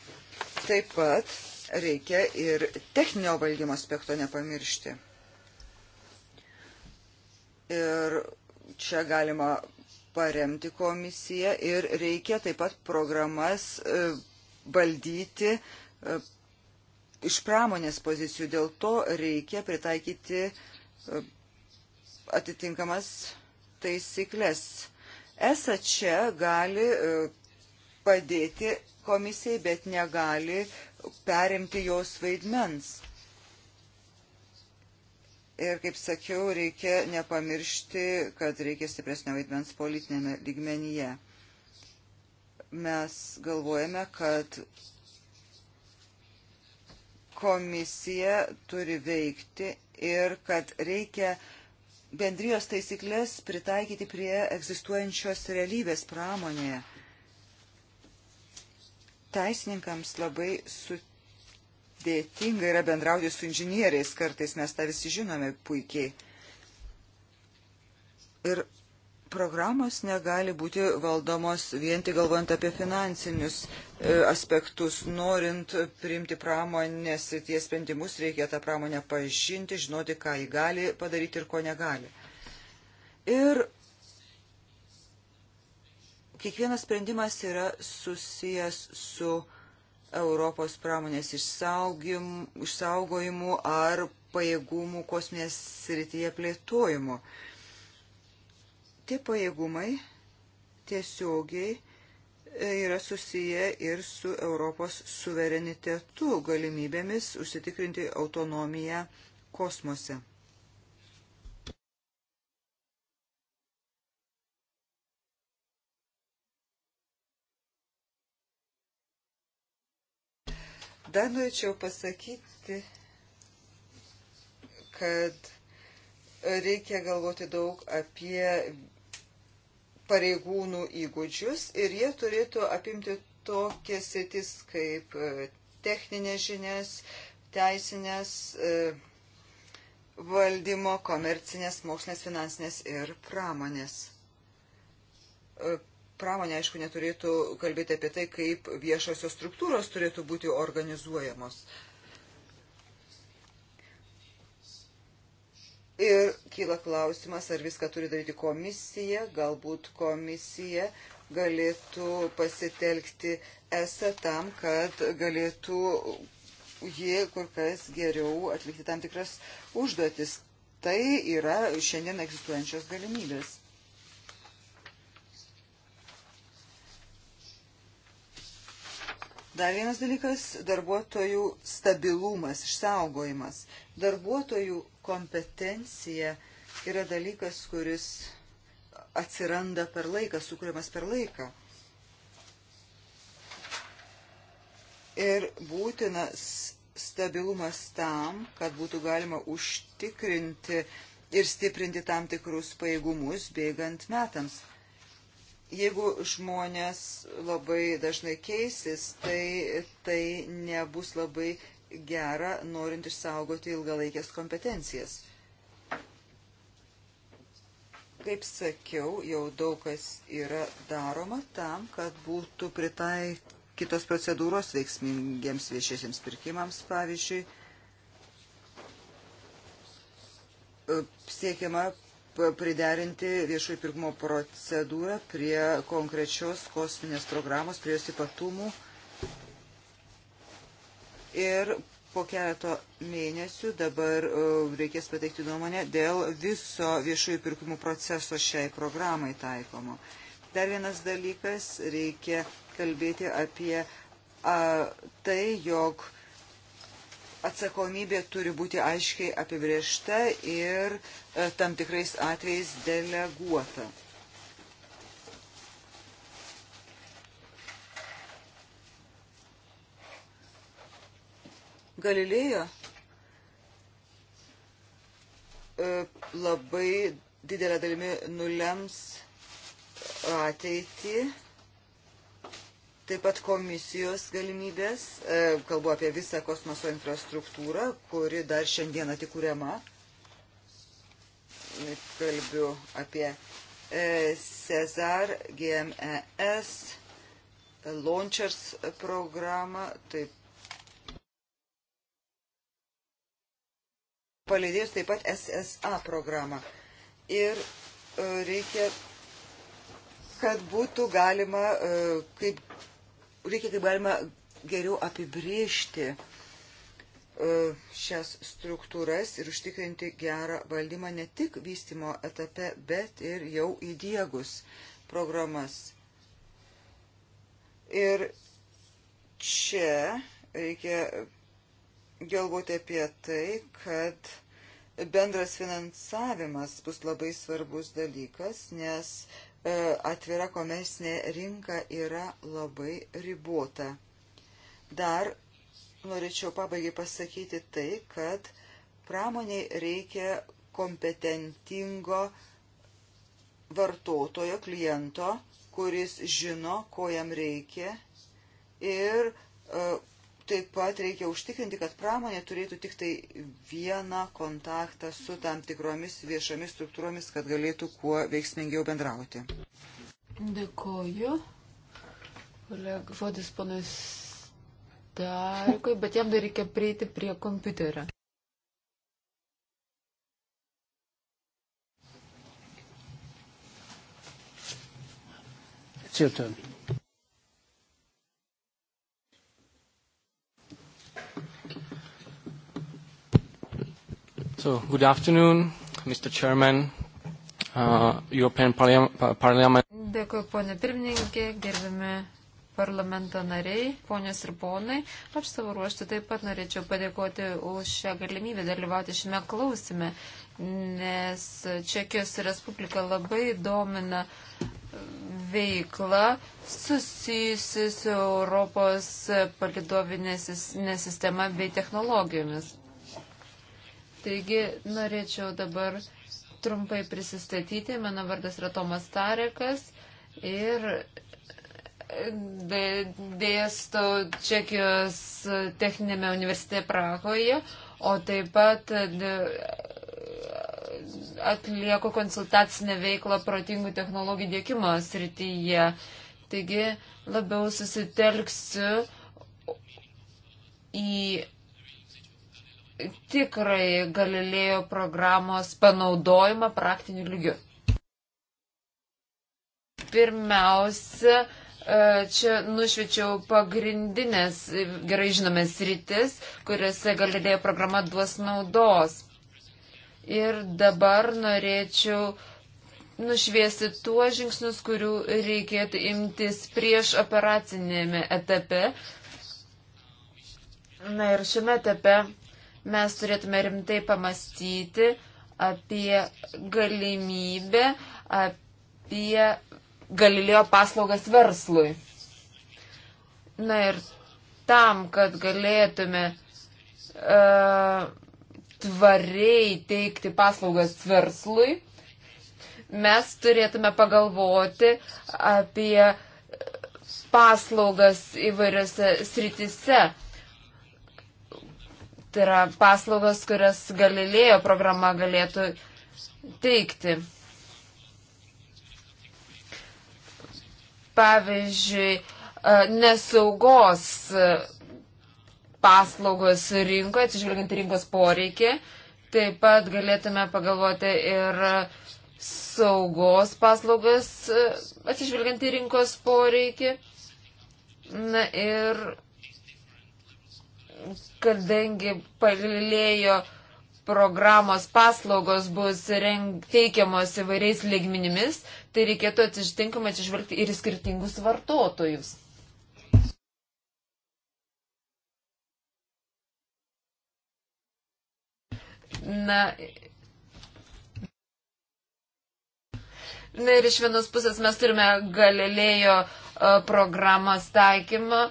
Taip pat reikia ir techninio valdymo aspekto nepamiršti. Ir čia galima paremti komisiją ir reikia taip pat programas e, valdyti e, iš pramonės pozicijų. Dėl to reikia pritaikyti e, atitinkamas taisyklės. ESA čia gali e, padėti komisijai, bet negali perimti jos vaidmens. Ir kaip sakiau, reikia nepamiršti, kad reikia stipresnio vaidmens politinėme lygmenyje. Mes galvojame, kad komisija turi veikti ir kad reikia bendrijos taisyklės pritaikyti prie egzistuojančios realybės pramonėje. Teisininkams labai sudėtinga yra bendrauti su inžinieriais, kartais mes tą visi žinome puikiai. Ir programos negali būti valdomos vien tik galvojant apie finansinius e, aspektus. Norint priimti pramonės ir tie sprendimus, reikia tą pramonę pažinti, žinoti, ką jį gali padaryti ir ko negali. Ir kiekvienas sprendimas yra susijęs su Europos pramonės išsaugojimu ar pajėgumų kosminės srityje plėtojimu. Tie pajėgumai tiesiogiai e, yra susiję ir su Europos suverenitetu, galimybėmis užsitikrinti autonomiją kosmose. Dar norėčiau pasakyti, kad reikia galvoti daug apie pareigūnų įgūdžius ir jie turėtų apimti tokias sėtis kaip e, techninės žinias, teisinės e, valdymo, komercinės, mokslinės, finansinės ir pramonės. E, pramonė, aišku, neturėtų kalbėti apie tai, kaip viešosios struktūros turėtų būti organizuojamos. Uh, Ir kyla klausimas, ar viską turi daryti komisija, galbūt komisija galėtų pasitelkti esą tam, kad galėtų ji kur kas geriau atlikti tam tikras užduotis. Tai yra šiandien egzistuojančios galimybės. Dar vienas dalykas - darbuotojų stabilumas, išsaugojimas. Darbuotojų kompetencija yra dalykas, kuris atsiranda per laiką, sukūriamas per laiką. Ir būtinas stabilumas tam, kad būtų galima užtikrinti ir stiprinti tam tikrus pajėgumus bėgant metams. Jeigu žmonės labai dažnai keisis, tai tai nebus labai gera, norint išsaugoti ilgalaikės kompetencijas. Kaip sakiau, jau daug kas yra daroma tam, kad būtų pritaikytos procedūros veiksmingiems viešiesiems pirkimams, pavyzdžiui, siekiama priderinti viešųjų pirkimo procedūrą prie konkrečios kosminės programos, prie jos ypatumų ir po keleto mėnesių dabar e, reikės pateikti nuomonę dėl viso viešųjų pirkimų proceso šiai programai taikomo. Dar vienas dalykas, reikia kalbėti apie a, tai, jog atsakomybė turi būti aiškiai apibriešta ir a, e, tam tikrais atvejais deleguota. Galilėjo e, labai didelę dalimi nulems ateitį, taip pat komisijos galimybės, e, kalbu apie visą kosmoso infrastruktūrą, kuri dar šiandieną tik kuriama. Kalbiu apie e, Cezar, GMES, Launchers programą, taip palydės taip pat SSA programą. Ir e, reikia, kad būtų galima, e, kaip, reikia kaip galima geriau apibriežti e, šias struktūras ir užtikrinti gerą valdymą ne tik vystimo etape, bet ir jau įdiegus programas. Ir čia reikia galvoti apie tai, kad bendras finansavimas bus labai svarbus dalykas, nes e, atvira komersinė rinka yra labai ribota. Dar norėčiau pabaigai pasakyti tai, kad pramoniai reikia kompetentingo vartotojo, kliento, kuris žino, ko jam reikia ir uh, Taip pat reikia užtikrinti, kad pramonė turėtų tik tai vieną kontaktą su tam tikromis viešomis struktūromis, kad galėtų kuo veiksmingiau bendrauti.
Dėkoju. Koleg, žodis panas Darkui, bet jam dar reikia prieiti prie kompiuterio.
It's your turn. So, good afternoon, Mr. Chairman, uh, European Parliament.
Dėkuoju, ponė pirmininkė, gerbimi parlamento nariai, ponios ir ponai. Aš savo ruoštų taip pat norėčiau padėkoti už šią galimybę dalyvauti šiame klausime, nes Čekijos Respublika labai domina veikla susijusi su Europos palidovinė sistema bei technologijomis. Taigi norėčiau dabar trumpai prisistatyti. Mano vardas yra Tomas Tarekas ir e, dėsto Čekijos techninėme universitete Prahoje, o taip pat e, atlieku konsultacinę veiklą protingų technologijų dėkimo srityje. Taigi labiau susitelksiu į tikrai Galilėjo programos panaudojimą praktiniu lygiu. Pirmiausia, e, čia nušvečiau pagrindinės gerai žinomės rytis, kuriuose Galilėjo programa duos naudos. Ir dabar norėčiau nušviesti tuos žingsnius, kurių reikėtų imtis prieš operacinėme etape. Na ir šiame etape mes turėtume rimtai pamastyti apie galimybę, apie Galilėjo paslaugas verslui. Na ir tam, kad galėtume uh, tvariai teikti paslaugas verslui, mes turėtume pagalvoti apie paslaugas įvairiose sritise Tai yra paslaugos, kurias Galilėjo programa galėtų teikti. Pavyzdžiui, e, nesaugos paslaugos rinkoje, atsižvelgiant rinkos poreikį, taip pat galėtume pagalvoti ir saugos paslaugas, e, atsižvelgiant į rinkos poreikį. Na ir kadangi palėlėjo programos paslaugos bus teikiamos įvairiais lygminimis, tai reikėtų atsižtinkamai atsižvelgti ir į skirtingus vartotojus. Na, na ir iš vienos pusės mes turime galilėjo programos taikymą,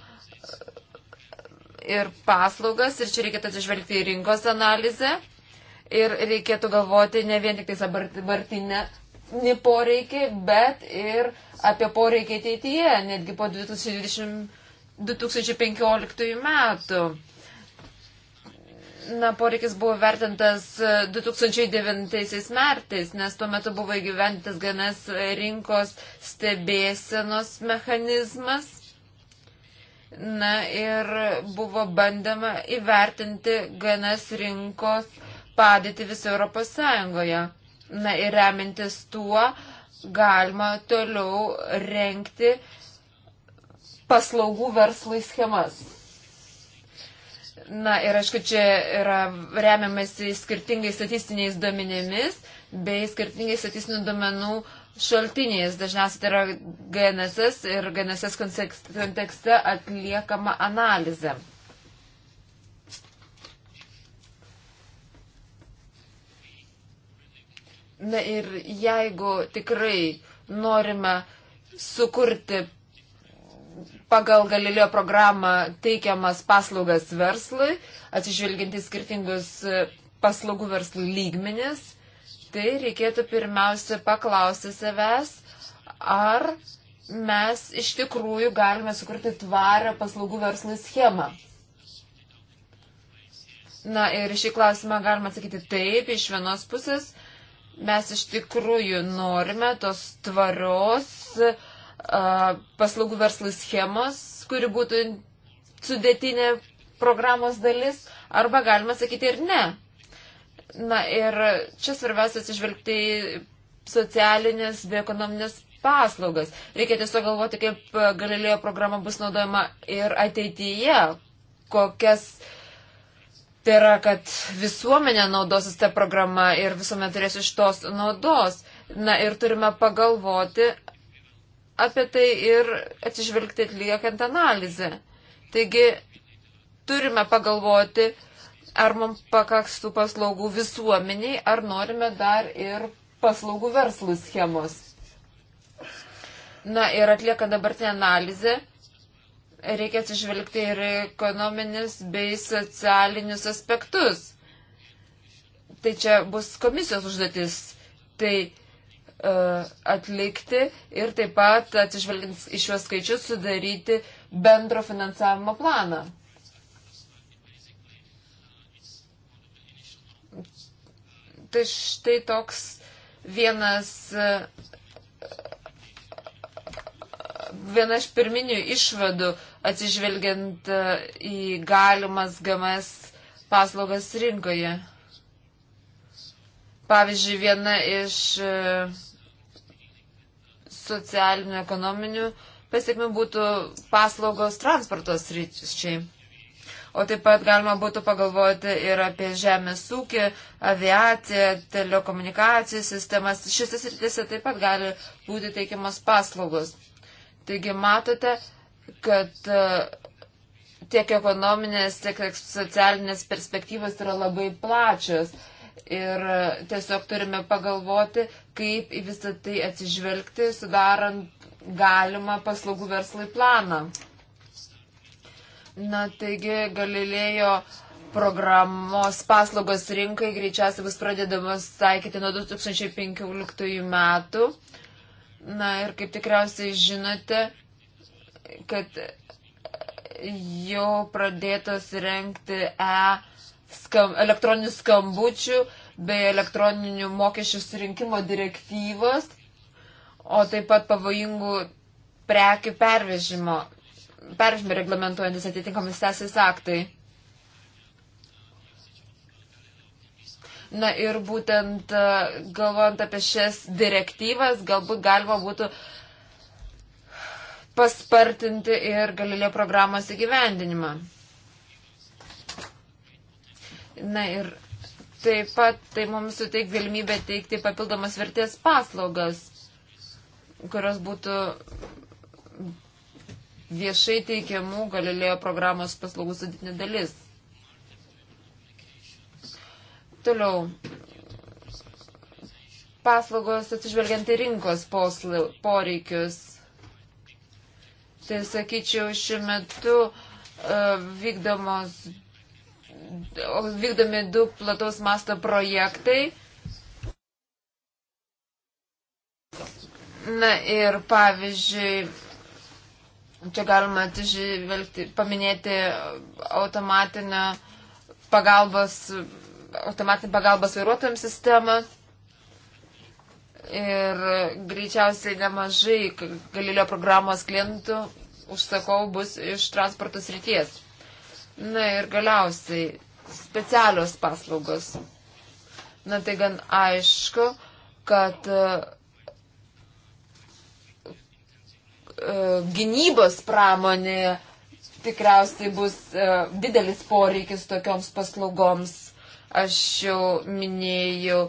ir paslaugas, ir čia reikėtų atsižvelgti į rinkos analizę, ir reikėtų galvoti ne vien tik tai dabartinę poreikį, bet ir apie poreikį ateityje, netgi po 2020, 2015 metų. Na, poreikis buvo vertintas 2009 metais, nes tuo metu buvo įgyventas ganas rinkos stebėsenos mechanizmas Na ir buvo bandama įvertinti GNS rinkos padėti visą Europos Sąjungoje. Na ir remintis tuo, galima toliau renkti paslaugų verslui schemas. Na ir aišku, čia yra remiamasi skirtingais statistiniais duomenimis bei skirtingais statistinių duomenų uh, šaltiniais. Dažniausiai tai yra GNSS ir GNSS kontekste atliekama analizė. Na ir jeigu tikrai norime sukurti pagal Galilėjo programą teikiamas paslaugas verslui, atsižvelginti skirtingus paslaugų verslų lygmenis, tai reikėtų pirmiausia paklausti savęs, ar mes iš tikrųjų galime sukurti tvarę paslaugų verslų schemą. Na ir šį klausimą galima atsakyti taip, iš vienos pusės mes iš tikrųjų norime tos tvarios uh, paslaugų verslų schemos, kuri būtų sudėtinė programos dalis, arba galima sakyti ir ne. Na ir čia svarbiausia atsižvelgti į socialinės bei ekonominės paslaugas. Reikia tiesiog galvoti, kaip Galilėjo programa bus naudojama ir ateityje, kokias tai yra, kad visuomenė naudosis tą programą ir visuomenė turės iš tos naudos. Na ir turime pagalvoti apie tai ir atsižvelgti atliekant analizę. Taigi turime pagalvoti, ar mums pakaks tų paslaugų visuomeniai, ar norime dar ir paslaugų verslų schemos. Na ir atlieka dabartinę analizę, reikia atsižvelgti ir ekonominis bei socialinius aspektus. Tai čia bus komisijos užduotis tai uh, atlikti ir taip pat atsižvelgiant iš juos skaičius sudaryti bendro finansavimo planą. Tai štai toks vienas, viena iš pirminių išvadų atsižvelgiant e, į galimas gamas paslaugas rinkoje. Pavyzdžiui, viena iš e, socialinių ekonominių pasiekmių būtų paslaugos transportos ryčiai. O taip pat galima būtų pagalvoti ir apie žemės ūkį, aviaciją, telekomunikacijų sistemas. Šiose srityse taip pat gali būti teikiamas paslaugos. Taigi matote, kad e, tiek ekonominės, tiek socialinės perspektyvos yra labai plačios. Ir e, tiesiog turime pagalvoti, kaip į visą tai atsižvelgti, sudarant galimą paslaugų verslai planą. Na, taigi Galilėjo programos paslaugos rinkai greičiausiai bus pradedamos taikyti nuo 2015 metų. Na ir kaip tikriausiai žinote, kad jau pradėtos renkti e skam, elektroninių skambučių bei elektroninių mokesčių surinkimo direktyvos, o taip pat pavojingų prekių pervežimo peržiūrimi reglamentuojantis atitinkamus teisės aktai. Na ir būtent e, galvojant apie šias direktyvas, galbūt galima būtų paspartinti ir galilio programos įgyvendinimą. Na ir taip pat tai mums suteik galimybę teikti papildomas vertės paslaugas, kurios būtų viešai teikiamų Galilėjo programos paslaugų sudėtinė dalis. Toliau. Paslaugos atsižvelgiant į rinkos posla, poreikius. Tai sakyčiau, šiuo metu uh, vykdomos, vykdomi du plataus masto projektai. Na ir pavyzdžiui, Čia galima atsižvelgti, paminėti automatinę pagalbos, automatinę pagalbos vairuotojams sistemą. Ir greičiausiai nemažai Galilio programos klientų užsakovų bus iš transporto srities. Na ir galiausiai specialios paslaugos. Na tai gan aišku, kad uh, E, gynybos pramonė tikriausiai bus e, didelis poreikis tokioms paslaugoms. Aš jau minėjau,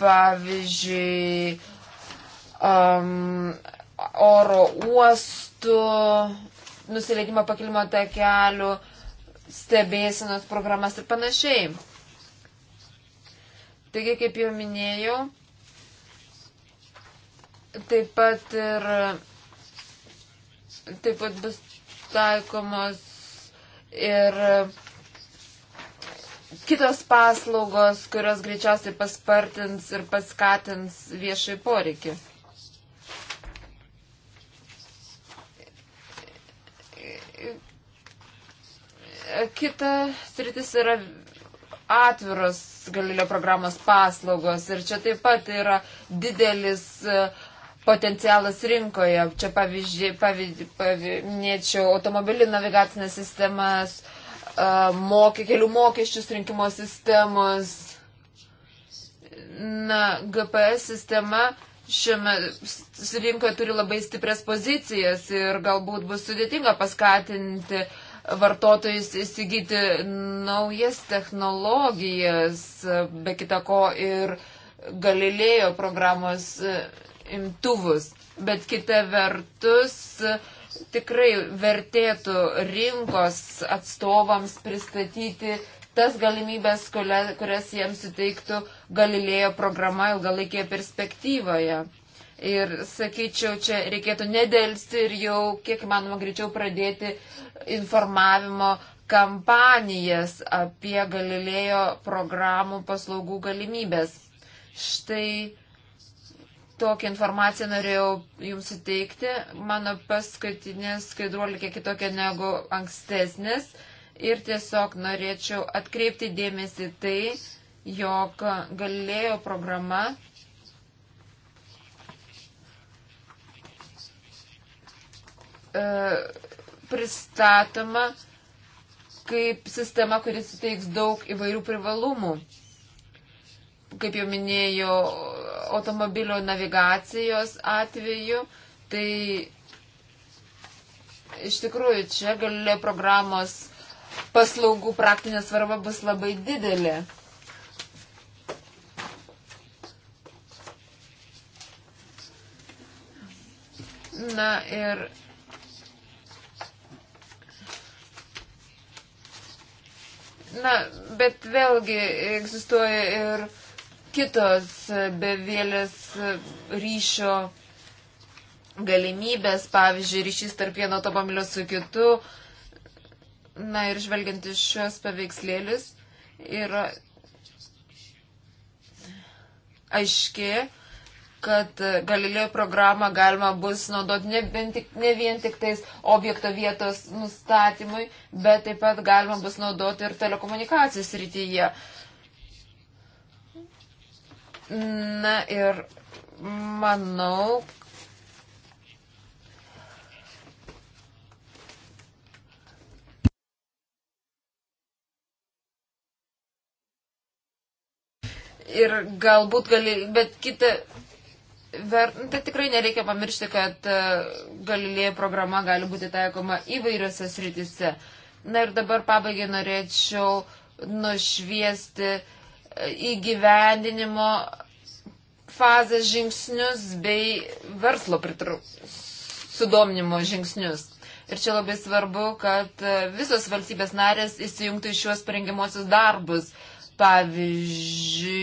pavyzdžiui, um, oro uostų, nusileidimo pakilimo takelių, stebėsinos programas ir panašiai. Taigi, kaip jau minėjau, taip pat ir taip pat bus taikomos ir kitos paslaugos, kurios greičiausiai paspartins ir paskatins viešai poreikį. Kita sritis yra atviros galilio programos paslaugos ir čia taip pat yra didelis potencialas rinkoje. Čia pavyzdžiui, paminėčiau automobilių navigacinės sistemas, mokė, kelių mokesčius rinkimo sistemos. Na, GPS sistema šiame rinkoje turi labai stiprias pozicijas ir galbūt bus sudėtinga paskatinti vartotojus įsigyti naujas technologijas, be kita ko ir Galilėjo programos imtuvus. Bet kita vertus, tikrai vertėtų rinkos atstovams pristatyti tas galimybės, kurias jiems suteiktų Galilėjo programa ilgalaikėje perspektyvoje. Ir sakyčiau, čia reikėtų nedėlsti ir jau kiek manoma greičiau pradėti informavimo kampanijas apie Galilėjo programų paslaugų galimybės. Štai Tokią informaciją norėjau jums suteikti. Mano paskutinė skaidruolikė kitokia negu ankstesnis. Ir tiesiog norėčiau atkreipti dėmesį tai, jog galėjo programa e, pristatoma kaip sistema, kuris suteiks daug įvairių privalumų. Kaip jau minėjo automobilio navigacijos atveju, tai iš tikrųjų čia galilė programos paslaugų praktinė svarba bus labai didelė. Na ir Na, bet vėlgi egzistuoja ir kitos bevėlės ryšio galimybės, pavyzdžiui, ryšys tarp vieno automobilio su kitu. Na ir žvelgiant iš šios paveikslėlis yra aiški, kad Galilėjo programą galima bus naudoti ne, tik, ne vien tik tais objekto vietos nustatymui, bet taip pat galima bus naudoti ir telekomunikacijos rytyje. Uh, Na ir manau, ir galbūt gali, bet kita. Ver, nu, tai tikrai nereikia pamiršti, kad e, Galilėjo programa gali būti taikoma įvairiose sritise. Na ir dabar pabaigai norėčiau nušviesti uh, įgyvendinimo fazės žingsnius bei verslo sudominimo žingsnius. Ir čia labai svarbu, kad e, visos valstybės narės įsijungtų į šiuos parengimuosius darbus. Pavyzdžiui,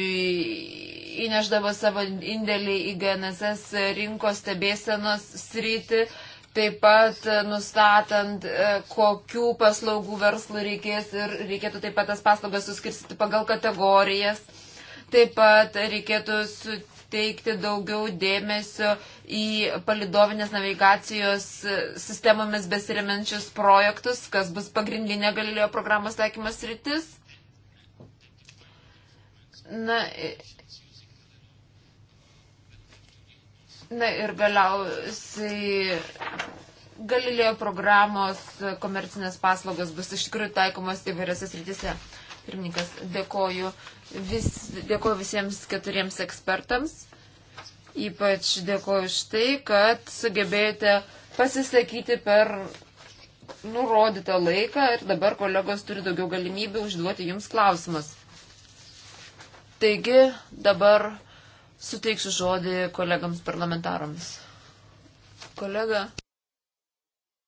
įneždavo savo indėlį į GNSS rinkos stebėsenos sritį, taip pat e, nustatant, e, kokių paslaugų verslų reikės ir reikėtų taip pat tas paslaugas suskirstyti pagal kategorijas. Taip pat reikėtų suteikti daugiau dėmesio į palidovinės navigacijos e, sistemomis besiremenčius projektus, kas bus pagrindinė Galilėjo programos taikymas rytis. Na, Na ir galiausiai Galilėjo programos komercinės paslaugos bus iš tikrųjų taikomos įvairiose srityse. Pirmininkas, dėkoju, vis, dėkoju visiems keturiems ekspertams. Ypač dėkoju už tai, kad sugebėjote pasisakyti per nurodytą laiką ir dabar kolegos turi daugiau galimybių užduoti jums klausimus. Taigi dabar Suteiksiu žodį kolegams parlamentarams. Kolega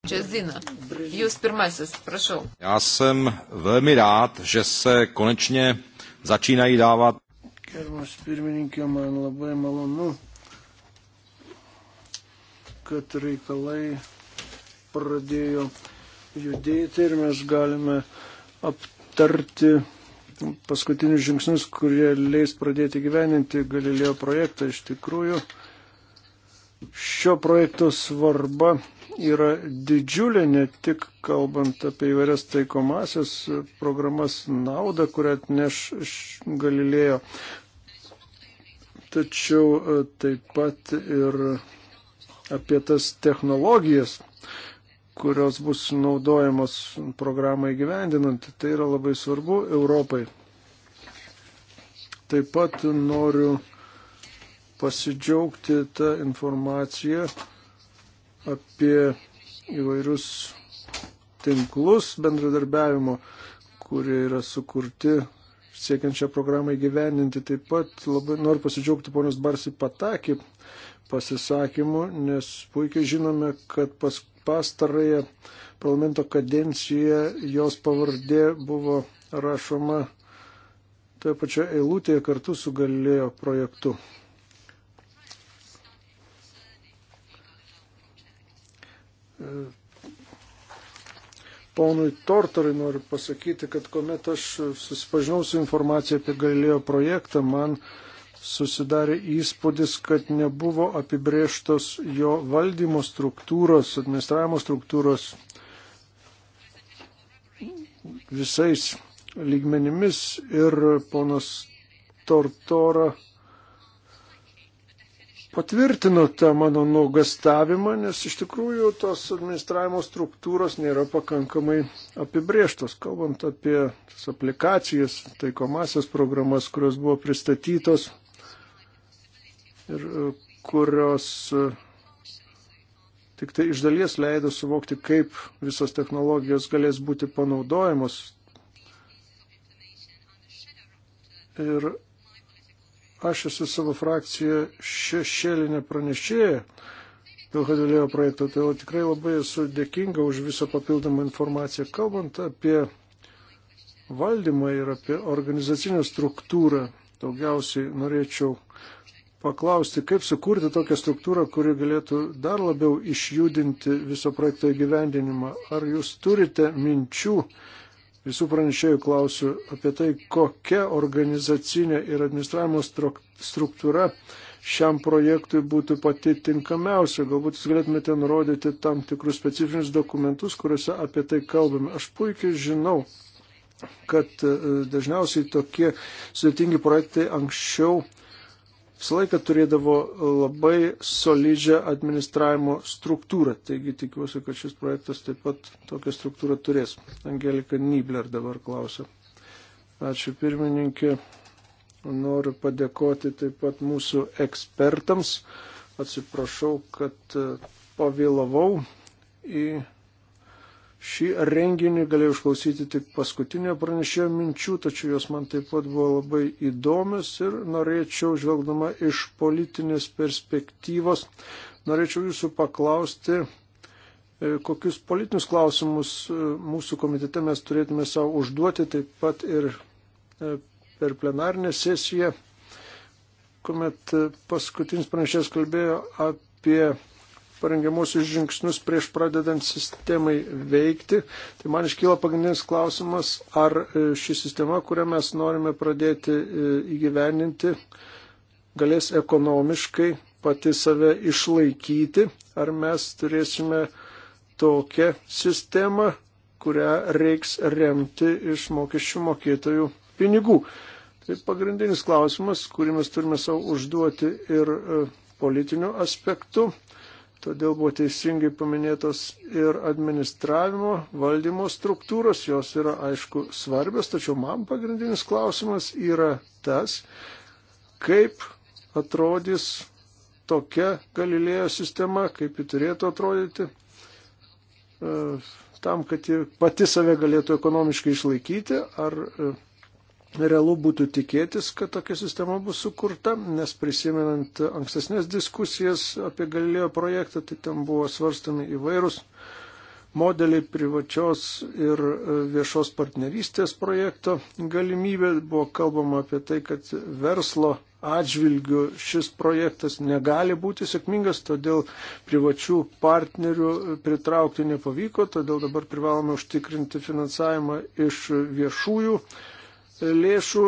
Čezina, jūs pirmasis, prašau.
Já jsem velmi rád, že se konečně začínají dávat. Gerbiamas pirmininkė, man labai malonu, kad reikalai pradėjo judėti ir mes galime aptarti paskutinius žingsnius, kurie leis pradėti gyveninti Galilėjo projektą. Iš tikrųjų, šio projekto svarba yra didžiulė, ne tik kalbant apie įvairias taikomasias programas naudą, kurią atneš Galilėjo, tačiau e, taip pat ir apie tas technologijas, kurios bus naudojamos programai gyvendinant. Tai yra labai svarbu Europai. Taip pat noriu pasidžiaugti tą informaciją apie įvairius tinklus bendradarbiavimo, kurie yra sukurti siekiančią programą įgyveninti. Taip pat labai noriu pasidžiaugti ponios Barsi Patakį pasisakymu, nes puikiai žinome, kad pas, pastarąją parlamento kadenciją jos pavardė buvo rašoma toje pačioje eilutėje kartu su Galilėjo projektu. Ponui Tortorui noriu pasakyti, kad kuomet aš susipažinau su informacija apie Galilėjo projektą, man uh, susidarė įspūdis, kad nebuvo apibrėžtos jo valdymo struktūros, administravimo struktūros visais lygmenimis ir ponas Tortora patvirtino tą mano nuogastavimą, nes iš tikrųjų tos administravimo struktūros nėra pakankamai apibrieštos. Kalbant apie aplikacijas, taikomasias programas, kurios buvo pristatytos, ir e, kurios e, tik tai iš dalies leido suvokti, kaip visos technologijos galės būti panaudojamos. Ir aš esu savo frakciją šešėlinę pranešėją dėl Hadilėjo projekto, todėl tai tikrai labai esu dėkinga už visą papildomą informaciją. Kalbant apie valdymą ir apie organizacinę struktūrą, daugiausiai norėčiau paklausti, kaip sukurti tokią struktūrą, kuri galėtų dar labiau išjudinti viso projekto įgyvendinimą. Ar jūs turite minčių, visų pranešėjų klausiu, apie tai, kokia organizacinė ir administravimo struktūra šiam projektui būtų pati tinkamiausia. Galbūt jūs galėtumėte nurodyti tam tikrus specifinius dokumentus, kuriuose apie tai kalbame. Aš puikiai žinau, kad e, dažniausiai tokie sudėtingi projektai anksčiau visą laiką turėdavo labai solidžią administravimo struktūrą. Taigi tikiuosi, kad šis projektas taip pat tokią struktūrą turės. Angelika Nibler dabar klausia. Ačiū pirmininkė. Noriu padėkoti taip pat mūsų ekspertams. Atsiprašau, kad pavėlavau į Šį renginį galėjau išklausyti tik paskutinio pranešėjo minčių, tačiau jos man taip pat buvo labai įdomios ir norėčiau, žvelgdama iš politinės perspektyvos, norėčiau jūsų paklausti, e, kokius politinius klausimus e, mūsų komitete mes turėtume savo užduoti, taip pat ir e, per plenarinę sesiją, kuomet paskutinis pranešėjas kalbėjo apie parengiamusius žingsnius prieš pradedant sistemai veikti, tai man iškyla pagrindinis klausimas, ar e, ši sistema, kurią mes norime pradėti e, įgyveninti, galės ekonomiškai pati save išlaikyti, ar mes turėsime tokią sistemą, kurią reiks remti iš mokesčių mokėtojų pinigų. Tai pagrindinis klausimas, kurį mes turime savo užduoti ir e, politiniu aspektu. Todėl buvo teisingai paminėtos ir administravimo valdymo struktūros, jos yra aišku svarbios, tačiau man pagrindinis klausimas yra tas, kaip atrodys tokia Galilėjo sistema, kaip ji turėtų atrodyti, e, tam, kad ji pati save galėtų ekonomiškai išlaikyti, ar e, realu būtų tikėtis, kad tokia sistema bus sukurta, nes prisimenant ankstesnės diskusijas apie Galilėjo projektą, tai ten buvo svarstami įvairūs modeliai privačios ir viešos partnerystės projekto galimybė. Buvo kalbama apie tai, kad verslo atžvilgių šis projektas negali būti sėkmingas, todėl privačių partnerių pritraukti nepavyko, todėl dabar privalome užtikrinti finansavimą iš viešųjų lėšų.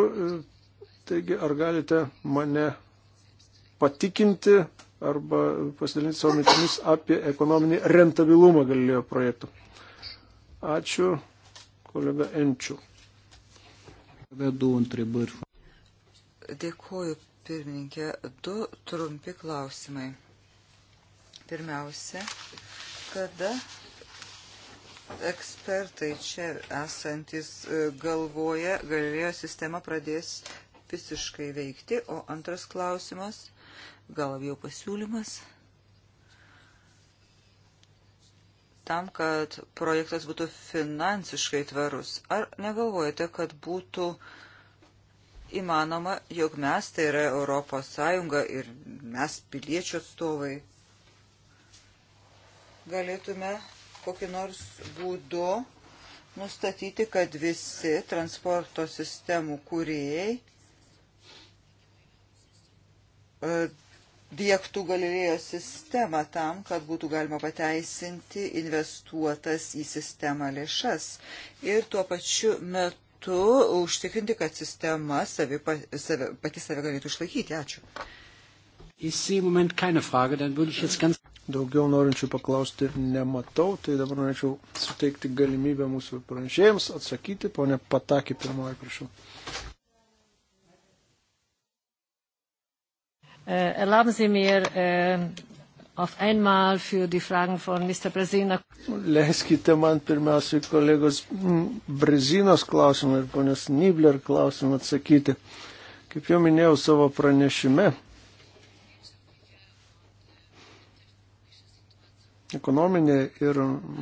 Taigi, ar galite mane patikinti arba pasidalinti savo mintimis apie ekonominį rentabilumą galėjo projektų? Ačiū, kolega Enčių. Dėkuoju,
pirmininkė. Du trumpi klausimai. Pirmiausia, kada Ekspertai čia esantis e, galvoja, galėjo sistema pradės visiškai veikti. O antras klausimas, gal jau pasiūlymas. tam, kad projektas būtų finansiškai tvarus. Ar negalvojate, kad būtų įmanoma, jog mes, tai yra Europos Sąjunga ir mes piliečių atstovai, galėtume kokiu nors būdu nustatyti, kad visi transporto sistemų kūrėjai e, dėktų galilėjo sistemą tam, kad būtų galima pateisinti investuotas į sistemą lėšas ir tuo pačiu metu užtikrinti, kad sistema savi, savi, pati save galėtų išlaikyti. Ačiū.
Ist sie im Moment keine Frage, dann würde ich jetzt ganz Daugiau norinčių paklausti nematau, tai dabar norėčiau suteikti galimybę mūsų pranešėjams atsakyti. Pone Patakį pirmoji, prašau.
Äh, erlauben Sie mir äh, auf einmal für die Fragen von Mr. Brezina.
Leiskite man pirmiausiai kolegos mm, Brezinos klausimą ir ponios Nibler klausimą atsakyti. Kaip jau minėjau savo pranešime, ekonominė ir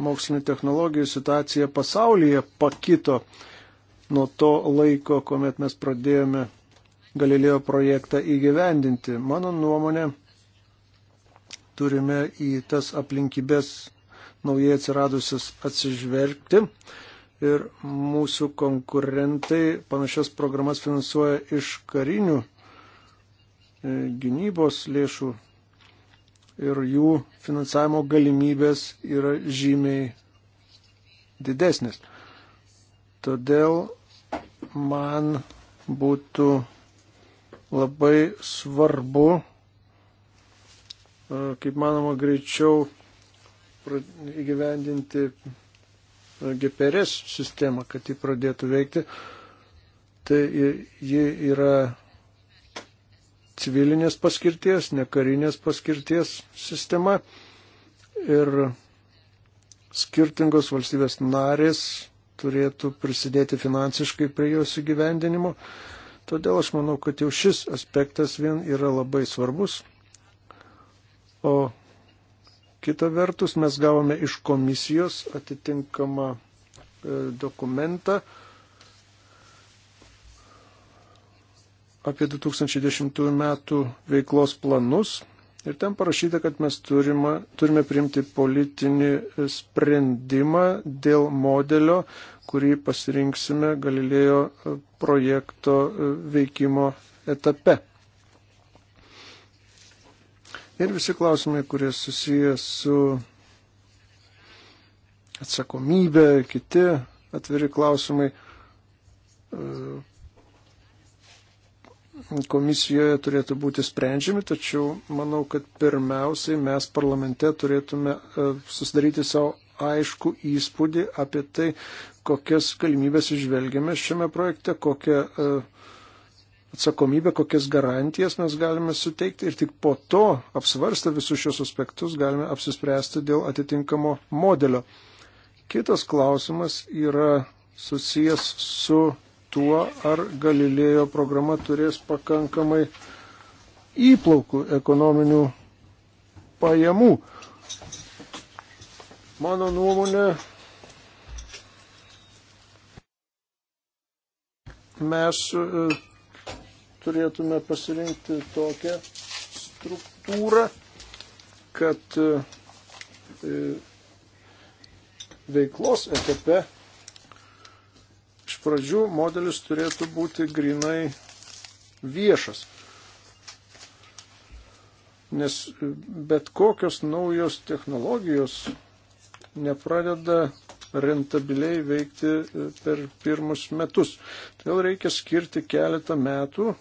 mokslinio technologijų situacija pasaulyje pakito nuo to laiko, kuomet mes pradėjome Galilėjo projektą įgyvendinti. Mano nuomonė, turime į tas aplinkybės naujai atsiradusias atsižvelgti. Ir mūsų konkurentai panašias programas finansuoja iš karinių e, gynybos lėšų ir jų finansavimo galimybės yra žymiai didesnis. Todėl man būtų labai svarbu, e, kaip manoma, greičiau įgyvendinti e, GPRS sistemą, kad ji pradėtų veikti. Tai ji yra civilinės paskirties, ne karinės paskirties sistema. Ir skirtingos valstybės narės turėtų prisidėti finansiškai prie jos įgyvendinimo. Todėl aš manau, kad jau šis aspektas vien yra labai svarbus. O kita vertus mes gavome iš komisijos atitinkamą e, dokumentą, apie 2010 metų veiklos planus ir ten parašyta, kad mes turime, turime priimti politinį sprendimą dėl modelio, kurį pasirinksime Galilėjo projekto veikimo etape. Ir visi klausimai, kurie susiję su atsakomybė, kiti atviri klausimai e, komisijoje turėtų būti sprendžiami, tačiau manau, kad pirmiausiai mes parlamente turėtume e, susidaryti savo aišku įspūdį apie tai, kokias galimybės išvelgiame šiame projekte, kokią e, atsakomybę, kokias garantijas mes galime suteikti ir tik po to, apsvarstę visus šios aspektus, galime apsispręsti dėl atitinkamo modelio. Kitas klausimas yra susijęs su tuo, ar Galilėjo programa turės pakankamai įplaukų ekonominių pajamų. Mano nuomonė, mes e, turėtume pasirinkti tokią struktūrą, kad e, veiklos etape pradžių modelis turėtų būti grinai viešas. Nes bet kokios naujos technologijos nepradeda rentabiliai veikti per pirmus metus. Todėl reikia skirti keletą metų,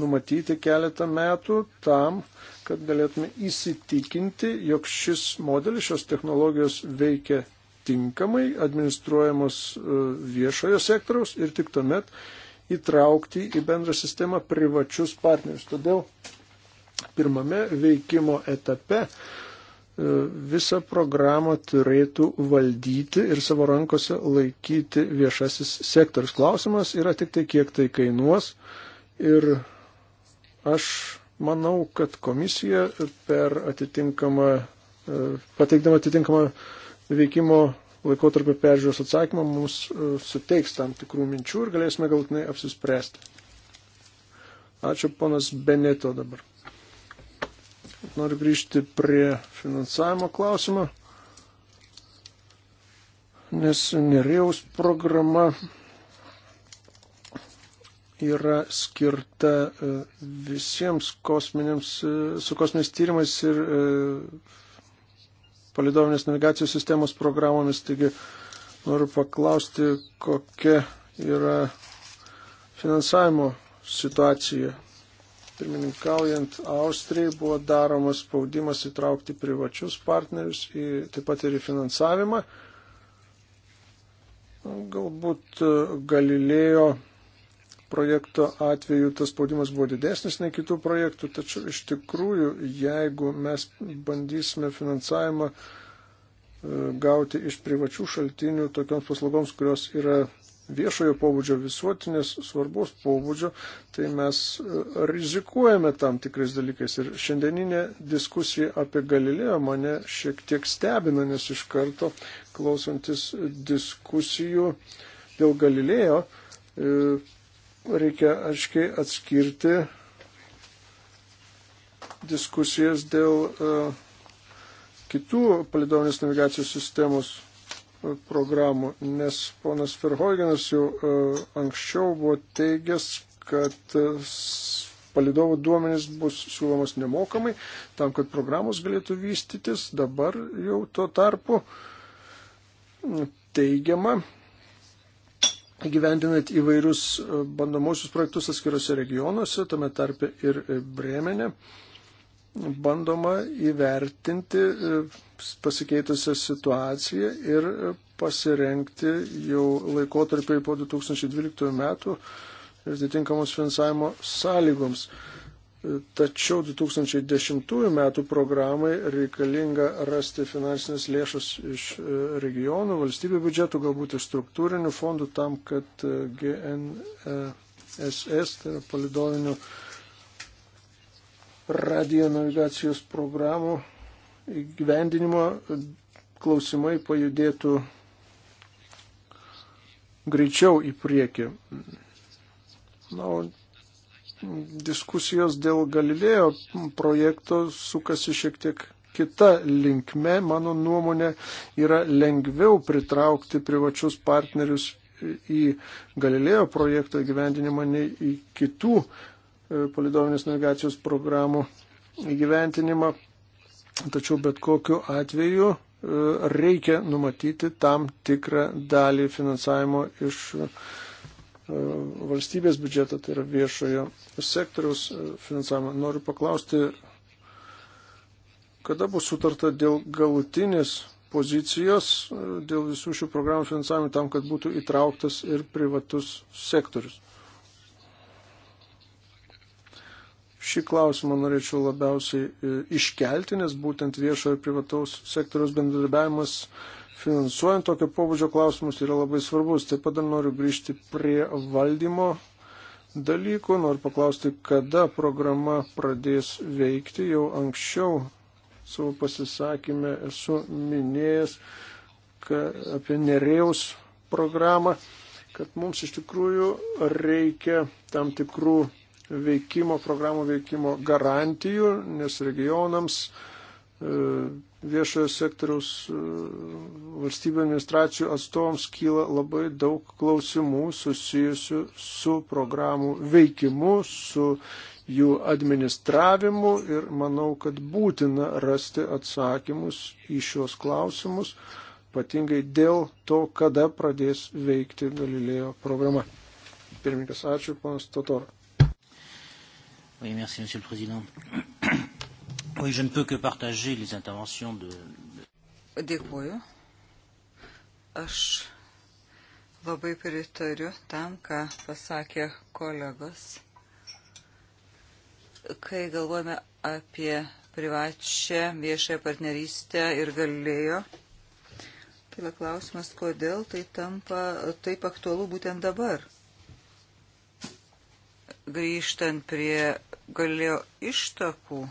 numatyti keletą metų tam, kad galėtume įsitikinti, jog šis modelis, šios technologijos veikia tinkamai administruojamos e, viešojo sektoriaus ir tik tuomet įtraukti į bendrą sistemą privačius partnerius. Todėl pirmame veikimo etape e, visą programą turėtų valdyti ir savo rankose laikyti viešasis sektorius. Klausimas yra tik tai, kiek tai kainuos. Ir aš manau, kad komisija per atitinkamą, e, pateikdama atitinkamą veikimo laikotarpio peržiūros atsakymą mums e, suteiks tam tikrų minčių ir galėsime galtinai apsispręsti. Ačiū ponas Beneto dabar. Noriu grįžti prie finansavimo klausimo, nes Nerėjaus programa yra skirta e, visiems kosminėms, e, su kosminiais tyrimais ir palidovinės navigacijos sistemos programomis. Taigi noriu paklausti, kokia yra finansavimo situacija. Pirmininkaujant Austrijai buvo daromas spaudimas įtraukti privačius partnerius, į, taip pat ir į finansavimą. Galbūt Galilėjo projekto atveju tas spaudimas buvo didesnis nei kitų projektų, tačiau iš tikrųjų, jeigu mes bandysime finansavimą e, gauti iš privačių šaltinių tokioms paslaugoms, kurios yra viešojo pobūdžio, visuotinės svarbos pobūdžio, tai mes e, rizikuojame tam tikrais dalykais. Ir šiandieninė diskusija apie Galilėjo mane šiek tiek stebina, nes iš karto klausantis diskusijų dėl Galilėjo e, reikia aiškiai atskirti diskusijas dėl e, kitų palidovinės navigacijos sistemos e, programų, nes ponas Ferhoigenas jau e, anksčiau buvo teigęs, kad palidovų duomenys bus siūlomas nemokamai, tam, kad programos galėtų vystytis. Dabar jau tuo tarpu teigiama, gyvendinant įvairius e, bandomosius projektus atskirose regionuose, tame tarpe ir e, Bremenė, bandoma įvertinti e, pasikeitusią situaciją ir pasirenkti jau laikotarpiai po 2012 metų ir atitinkamos finansavimo sąlygoms. Tačiau 2010 metų programai reikalinga rasti finansinės lėšas iš e, regionų, valstybių biudžetų, galbūt iš struktūrinių fondų tam, kad e, GNSS, e tai yra palidovinių radionavigacijos programų įgyvendinimo klausimai pajudėtų greičiau į priekį. Na, o diskusijos dėl Galilėjo projekto sukasi šiek tiek kita linkme. Mano nuomonė yra lengviau pritraukti privačius partnerius į Galilėjo projekto įgyvendinimą nei į kitų e, palidovinės navigacijos programų įgyvendinimą. Tačiau bet kokiu atveju e, reikia numatyti tam tikrą dalį finansavimo iš E, valstybės biudžeto, tai yra viešojo sektoriaus e, finansavimą. Noriu paklausti, kada bus sutarta dėl galutinės pozicijos, e, dėl visų šių programų finansavimo tam, kad būtų įtrauktas ir privatus sektorius. Šį klausimą norėčiau labiausiai iškelti, nes būtent viešo ir privataus sektoriaus bendradarbiavimas finansuojant tokio pobūdžio klausimus yra labai svarbus. Taip pat dar noriu grįžti prie valdymo dalykų. Noriu paklausti, kada programa pradės veikti. Jau anksčiau savo pasisakymę esu minėjęs apie Nerėjaus programą, kad mums iš tikrųjų reikia tam tikrų veikimo, programų veikimo garantijų, nes regionams viešojo sektoriaus e, valstybių administracijų atstovams kyla labai daug klausimų susijusių su programų veikimu, su jų administravimu ir manau, kad būtina rasti atsakymus į šios klausimus, ypatingai dėl to, kada pradės veikti Galilėjo programa. Pirmininkas, ačiū, panas Totor. Oui, merci, monsieur le président.
Oui, je ne peux que partager les interventions de... Dėkuoju. Aš labai pritariu tam, ką pasakė kolegos. Kai galvojame apie privačią viešąją partnerystę ir galėjo, kila klausimas, kodėl tai tampa taip aktualu būtent dabar. Grįžtant prie galėjo ištakų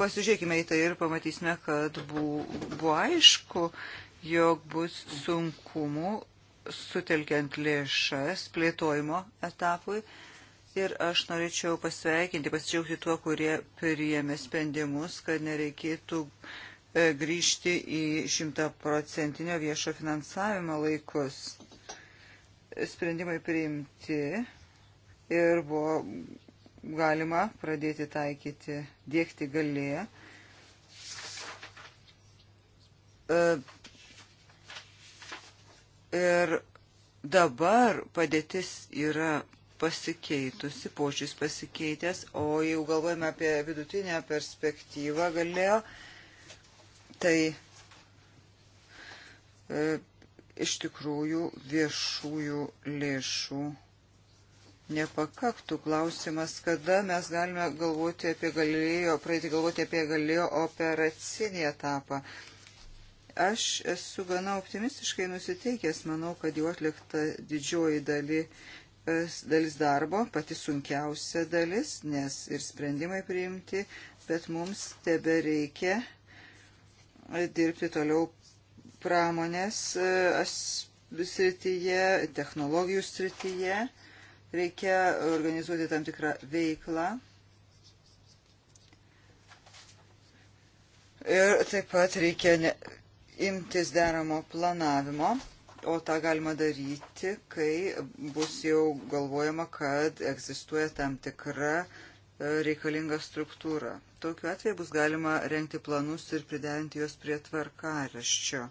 Pasižiūrėkime į tai ir pamatysime, kad buvo aišku, jog bus sunkumų sutelkiant lėšas plėtojimo etapui. Ir aš norėčiau pasveikinti, pasidžiaugti tuo, kurie priėmė sprendimus, kad nereikėtų e, grįžti į šimtaprocentinio viešo finansavimo laikus. Sprendimai priimti ir buvo galima pradėti taikyti, dėkti galėje. Ir dabar padėtis yra pasikeitusi, požiūris pasikeitęs, o jeigu galvojame apie vidutinę perspektyvą galėjo, tai e, iš tikrųjų viešųjų lėšų nepakaktų klausimas, kada mes galime galvoti apie galėjo, praeiti galvoti apie galėjo operacinį etapą. Aš esu gana optimistiškai nusiteikęs, manau, kad jau atlikta didžioji daly, e, dalis darbo, pati sunkiausia dalis, nes ir sprendimai priimti, bet mums tebe reikia dirbti toliau pramonės e, srityje, technologijų srityje Reikia organizuoti tam tikrą veiklą. Ir taip pat reikia ne, imtis deramo planavimo, o tą galima daryti, kai bus jau galvojama, kad egzistuoja tam tikra e, reikalinga struktūra. Tokiu atveju bus galima renkti planus ir priderinti juos prie tvarkaraščio.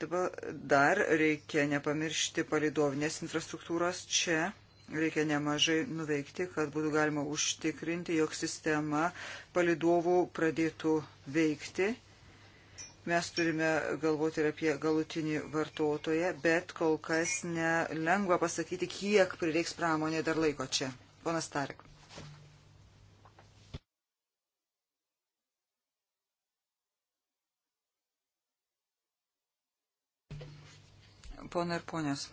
Dabar dar reikia nepamiršti palidovinės infrastruktūros čia reikia nemažai nuveikti, kad būtų galima užtikrinti, jog sistema palidovų pradėtų veikti. Mes turime galvoti ir apie galutinį vartotoją, bet kol kas nelengva pasakyti, kiek prireiks pramonė dar laiko čia. Ponas Tarek. Pona ir ponės.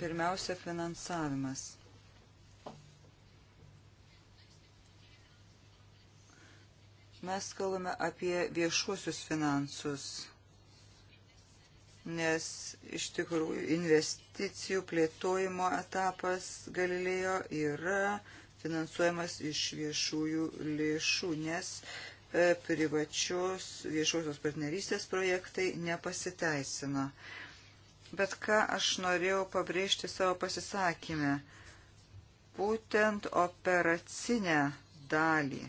Pirmiausia, finansavimas. Mes kalbame apie viešuosius finansus, nes iš tikrųjų investicijų plėtojimo etapas Galilėjo yra finansuojamas iš viešųjų lėšų, nes e, privačios viešosios partnerystės projektai nepasiteisino. Bet ką aš norėjau pabrėžti savo pasisakymę? Būtent operacinę dalį.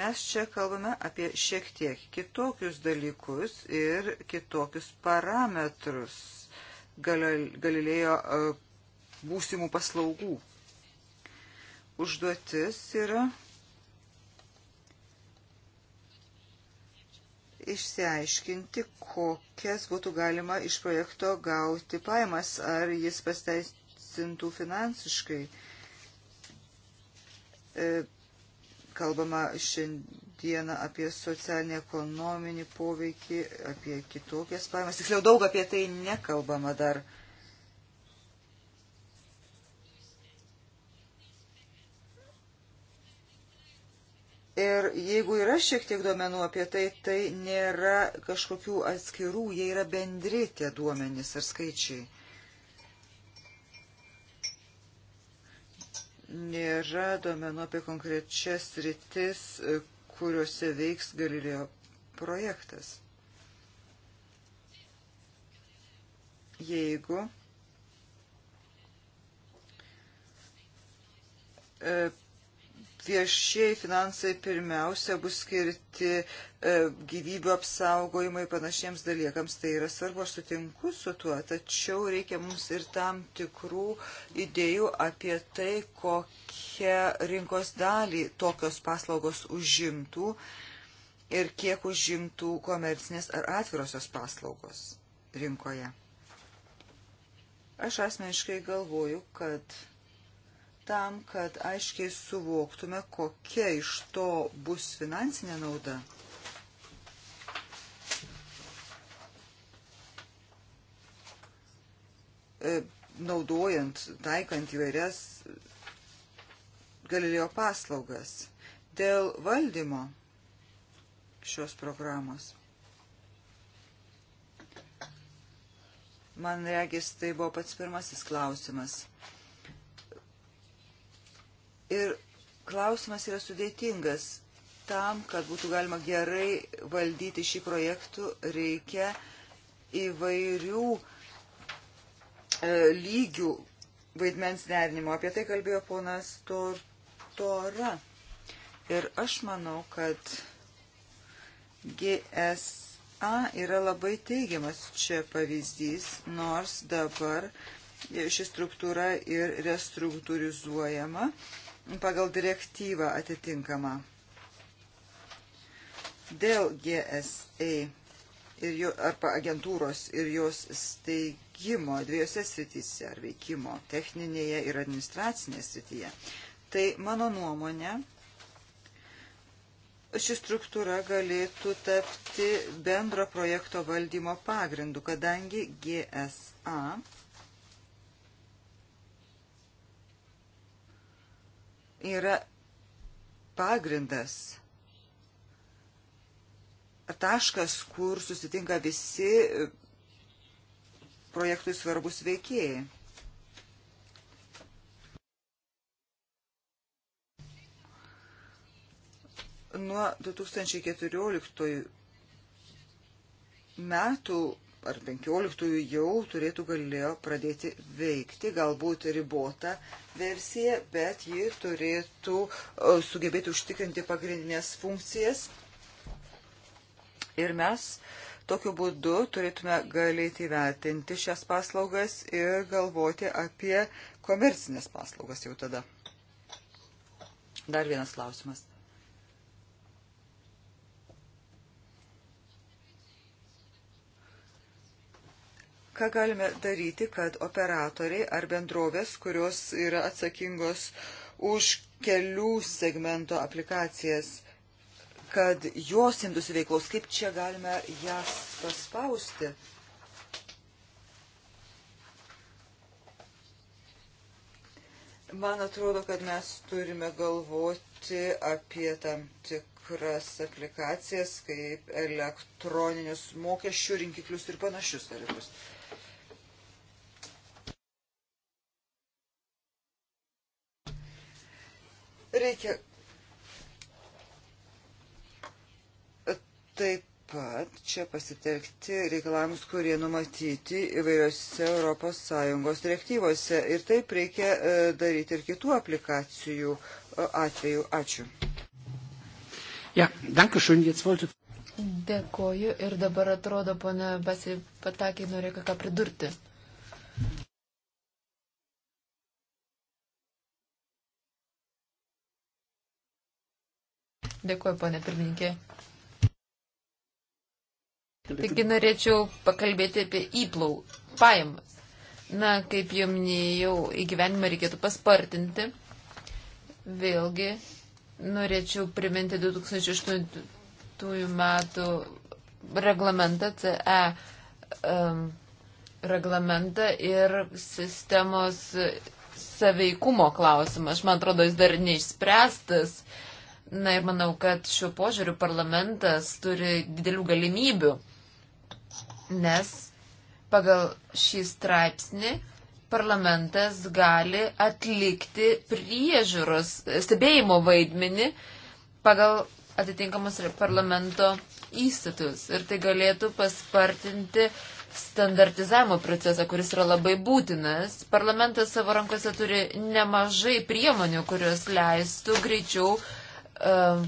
Mes čia kalbame apie šiek tiek kitokius dalykus ir kitokius parametrus Galilėjo e, būsimų paslaugų. Užduotis yra išsiaiškinti, kokias būtų galima iš projekto gauti pajamas, ar jis pasteisintų finansiškai. E, kalbama šiandieną apie socialinį ekonominį poveikį, apie kitokias pajamas. Tiksliau daug apie tai nekalbama dar. Ir jeigu yra šiek tiek duomenų apie tai, tai nėra kažkokių atskirų, jie yra bendri tie duomenys ar skaičiai. Nėra duomenų apie konkrečias rytis, kuriuose veiks Galilėjo projektas. Jeigu e, viešieji finansai pirmiausia bus skirti e, gyvybių apsaugojimai panašiems dalykams. Tai yra svarbu, aš sutinku su tuo, tačiau reikia mums ir tam tikrų idėjų apie tai, kokią rinkos dalį tokios paslaugos užimtų ir kiek užimtų komercinės ar atvirosios paslaugos rinkoje. Aš asmeniškai galvoju, kad tam, kad aiškiai suvoktume, kokia iš to bus finansinė nauda. E, naudojant, taikant įvairias Galilėjo paslaugas dėl valdymo šios programos. Man regis, tai buvo pats pirmasis klausimas. Ir klausimas yra sudėtingas. Tam, kad būtų galima gerai valdyti šį projektų, reikia įvairių e, lygių vaidmens derinimo. Apie tai kalbėjo ponas Tortora. Ir aš manau, kad GSA yra labai teigiamas čia pavyzdys, nors dabar ši struktūra ir restruktūrizuojama. E, pagal direktyvą atitinkamą. Dėl GSA ir jo, arba agentūros ir jos steigimo dviejose srityse ar veikimo techninėje ir administracinėje srityje. Tai mano nuomonė, ši struktūra galėtų tapti bendro projekto valdymo pagrindu, kadangi GSA yra pagrindas taškas, kur susitinka visi projektui svarbus veikėjai. Nuo 2014 metų ar 15 jau turėtų galėjo pradėti veikti, galbūt ribota versija, bet ji turėtų e, sugebėti užtikrinti pagrindinės funkcijas. Ir mes tokiu būdu turėtume galėti vertinti šias paslaugas ir galvoti apie komercinės paslaugas jau tada. Dar vienas klausimas. ką galime daryti, kad operatoriai ar bendrovės, kurios yra atsakingos už kelių segmento aplikacijas, kad jos imtųsi veiklos, kaip čia galime jas paspausti. Man atrodo, kad mes turime galvoti apie tam tikras aplikacijas, kaip elektroninius mokesčių rinkiklius ir panašius dalykus. Tai Reikia taip pat čia pasitelkti reikalavimus, kurie numatyti įvairiose ES direktyvose. Ir taip reikia e, daryti ir kitų aplikacijų e, atveju. Ačiū.
Ja, danke schön, jetzt wollte.
Dėkoju ir dabar atrodo, ponia Basi Patakė norėjo ką pridurti. Dėkuoju, ponė pirmininkė. Taigi norėčiau pakalbėti apie įplau, pajamas. Na, kaip jau minėjau, įgyvenimą reikėtų paspartinti. Vėlgi, norėčiau priminti 2008 metų reglamentą CE. Um, reglamentą ir sistemos saveikumo klausimą. Aš man atrodo, jis dar neišspręstas. Uh, Na ir manau, kad šiuo požiūriu parlamentas turi didelių galimybių, nes pagal šį straipsnį parlamentas gali atlikti priežiūros stebėjimo vaidmenį pagal atitinkamus parlamento įstatus. Ir tai galėtų paspartinti standartizavimo procesą, kuris yra labai būtinas. Parlamentas savo rankose turi nemažai priemonių, kurios leistų greičiau uh, Um,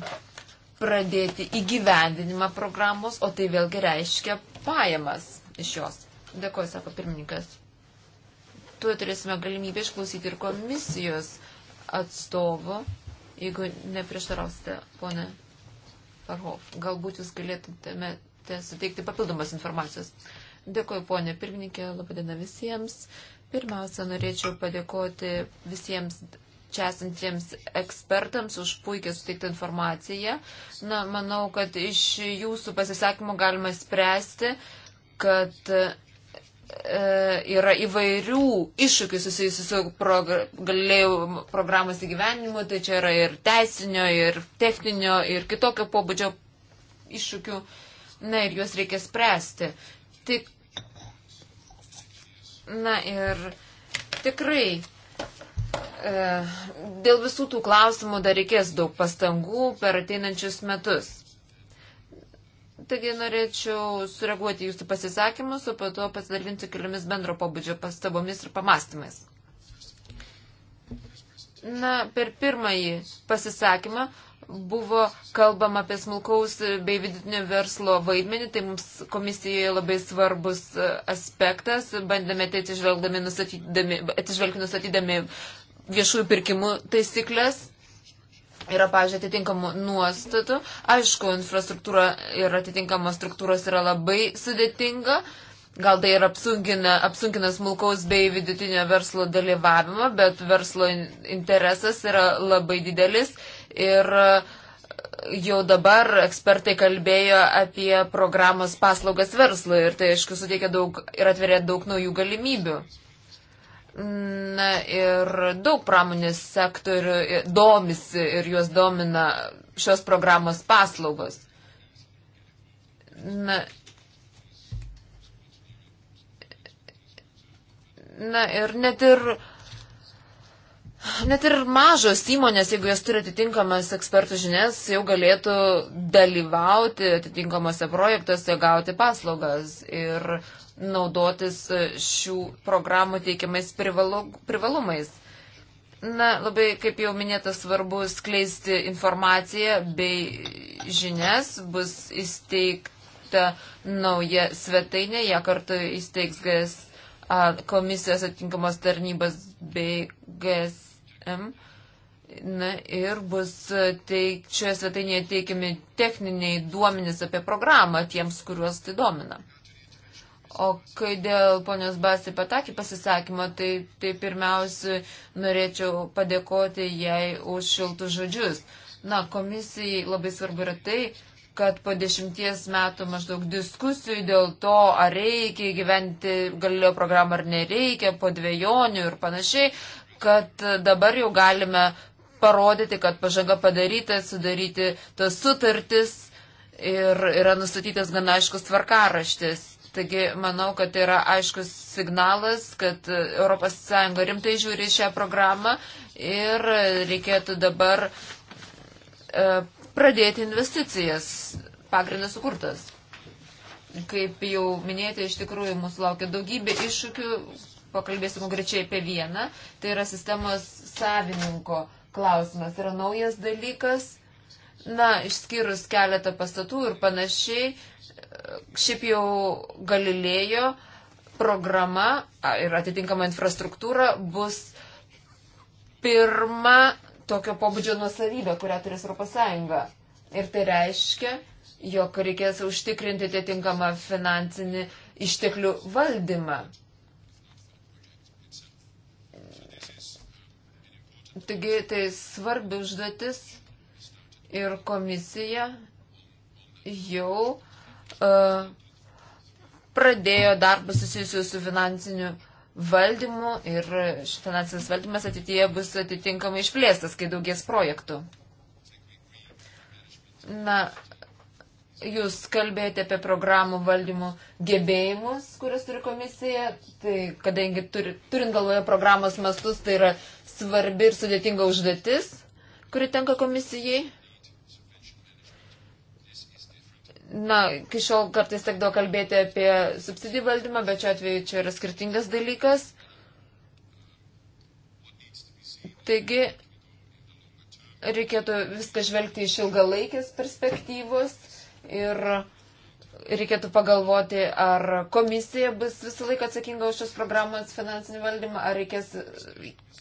pradėti įgyvendinimą programos, o tai vėlgi reiškia pajamas iš jos. Dėkuoju, sako pirmininkas. Tuo turėsime galimybę išklausyti ir komisijos atstovo, jeigu neprieštarausite, ponė Parhof. Galbūt jūs galėtumėte suteikti papildomas informacijos. Dėkuoju, ponė pirmininkė, labadiena visiems. Pirmiausia, norėčiau padėkoti visiems čia esantiems ekspertams už puikiai suteiktą informaciją. Na, manau, kad iš jūsų pasisakymų galima spręsti, kad e, yra įvairių iššūkių susijusių su progr programos įgyvenimu, tai čia yra ir teisinio, ir techninio, ir kitokio pobūdžio iššūkių. Na ir juos reikia spręsti. Tik Na ir tikrai E, dėl visų tų klausimų dar reikės daug pastangų per ateinančius metus. Taigi norėčiau sureaguoti jūsų pasisakymus, o po to pasidalinsiu keliomis bendro pobūdžio pastabomis ir pamastymais. Na, per pirmąjį pasisakymą buvo kalbama apie smulkaus bei vidutinio verslo vaidmenį, tai mums komisijoje labai svarbus aspektas, bandėme tai atsižvelgdami nustatydami, atsižvelgti nustatydami viešųjų pirkimų taisyklės. Yra, pažiūrėjau, atitinkamų nuostatų. Aišku, infrastruktūra ir atitinkamos struktūros yra labai sudėtinga. Gal tai ir apsunkina, apsunkina smulkaus bei vidutinio verslo dalyvavimą, bet verslo interesas yra labai didelis. Ir e, jau dabar ekspertai kalbėjo apie programos paslaugas verslui ir tai, aišku, suteikia daug ir atveria daug naujų galimybių. Na ir daug pramonės sektorių domisi ir juos domina šios programos paslaugos. Na, na ir net ir. Net ir mažos įmonės, jeigu jos turi atitinkamas ekspertų žinias, jau galėtų dalyvauti atitinkamuose projektuose, gauti paslaugas. Ir naudotis e, šių programų teikiamais privalu, privalumais. Na, labai, kaip jau minėta, svarbu skleisti informaciją bei žinias. Bus įsteigta nauja svetainė, ją kartu įsteigs GS komisijos atinkamos tarnybos bei GSM. Na ir bus e, teik, šioje svetainėje teikiami techniniai duomenys apie programą tiems, kuriuos tai domina. O kai dėl ponios Basi patakį pasisakymo, tai, tai pirmiausia norėčiau padėkoti jai už šiltus žodžius. Na, komisijai labai svarbu yra tai, kad po dešimties metų maždaug diskusijų dėl to, ar reikia gyventi galilio programą ar nereikia, po dviejonių ir panašiai, kad dabar jau galime parodyti, kad pažanga padaryta, sudaryti tas sutartis ir yra nustatytas gana aiškus tvarkaraštis. Taigi manau, kad tai yra aiškus signalas, kad ES rimtai žiūri šią programą ir reikėtų dabar e, pradėti investicijas. Pagrindas sukurtas. Kaip jau minėjote, iš tikrųjų mūsų laukia daugybė iššūkių. Pakalbėsim konkrečiai apie vieną. Tai yra sistemos savininko klausimas. Yra naujas dalykas. Na, išskyrus keletą pastatų ir panašiai. Uh, šiaip jau Galilėjo programa ir atitinkama infrastruktūra bus pirma tokio pobūdžio nuosavybė, kurią turės Europos Sąjunga. Ir tai reiškia, jog reikės užtikrinti atitinkamą finansinį išteklių valdymą. Taigi tai svarbi užduotis ir komisija jau uh, E, pradėjo darbą susijusiu su finansiniu valdymu ir finansinis valdymas ateityje bus atitinkamai išplėstas, kai daugės projektų. Na, jūs kalbėjote apie programų valdymų gebėjimus, kurias turi komisija, tai kadangi turi, turint galvoje programos mastus, tai yra svarbi ir sudėtinga užduotis, kuri tenka komisijai. Na, iki šiol kartais tekdavo kalbėti apie subsidijų valdymą, bet šiuo atveju čia yra skirtingas dalykas. Taigi, reikėtų viską žvelgti iš ilgalaikės perspektyvos ir reikėtų pagalvoti, ar komisija bus visą laiką atsakinga už šios programos finansinį valdymą, ar reikės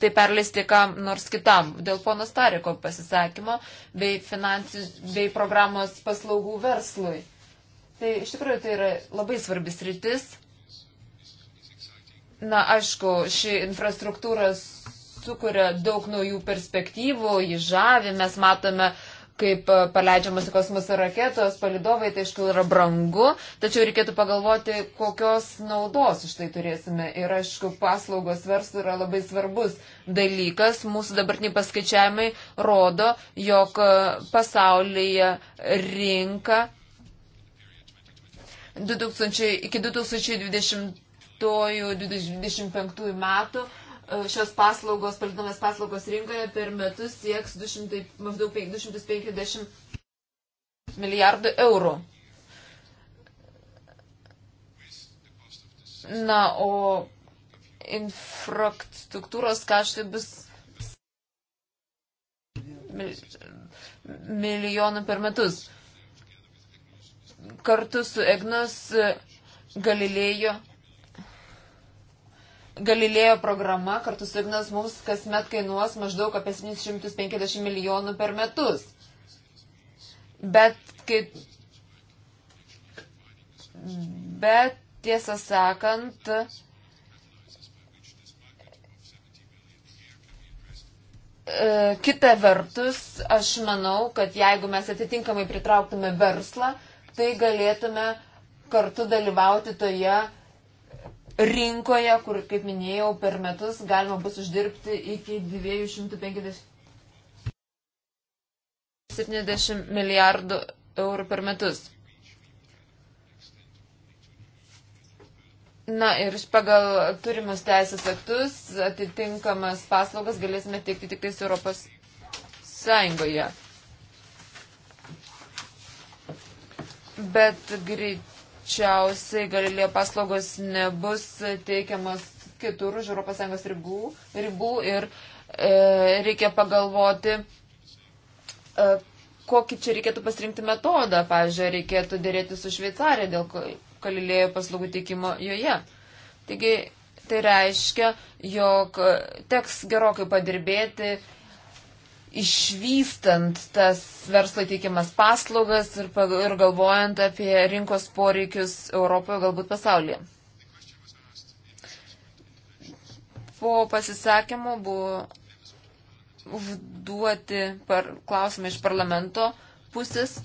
tai perleisti kam nors kitam. Dėl pono Stariko pasisakymo bei, finansi, bei programos paslaugų verslui. Tai iš tikrųjų tai yra labai svarbis rytis. Na, aišku, ši infrastruktūra sukuria daug naujų perspektyvų, jį žavi, mes matome uh, kaip e, paleidžiamas į kosmosą raketos, palidovai, tai aišku yra brangu, tačiau reikėtų pagalvoti, kokios naudos iš tai turėsime. Ir aišku, paslaugos verslui yra labai svarbus dalykas. Mūsų dabartiniai paskaičiavimai rodo, jog e, pasaulyje rinka 2000, iki 2020. 2025 metų šios paslaugos, palydinamės paslaugos rinkoje per metus sieks 200, maždaug 250 milijardų eurų. Na, o infrastruktūros kaštai bus milijonų per metus. Kartu su Egnos Galilėjo Galilėjo programa kartu su Ignas mums kasmet kainuos maždaug apie 750 milijonų per metus. Bet, kai, bet tiesą sakant, e, kita vertus, aš manau, kad jeigu mes atitinkamai pritrauktume verslą, tai galėtume kartu dalyvauti toje rinkoje, kur, kaip minėjau, per metus galima bus uždirbti iki 270 milijardų eurų per metus. Na ir pagal turimus teisės aktus atitinkamas paslaugas galėsime teikti tik tais Europos Sąjungoje. Bet greit greičiausiai galilėjo paslaugos nebus teikiamas kitur už ES ribų, ribų ir e, reikia pagalvoti, e, kokį čia reikėtų pasirinkti metodą. Pavyzdžiui, reikėtų dėrėti su Šveicarija dėl galilėjo paslaugų teikimo joje. Taigi, tai reiškia, jog e, teks gerokai padirbėti išvystant tas verslo teikiamas paslaugas ir, ir galvojant apie rinkos poreikius Europoje, galbūt pasaulyje. Po pasisakymų buvo užduoti par, klausimai iš parlamento pusės.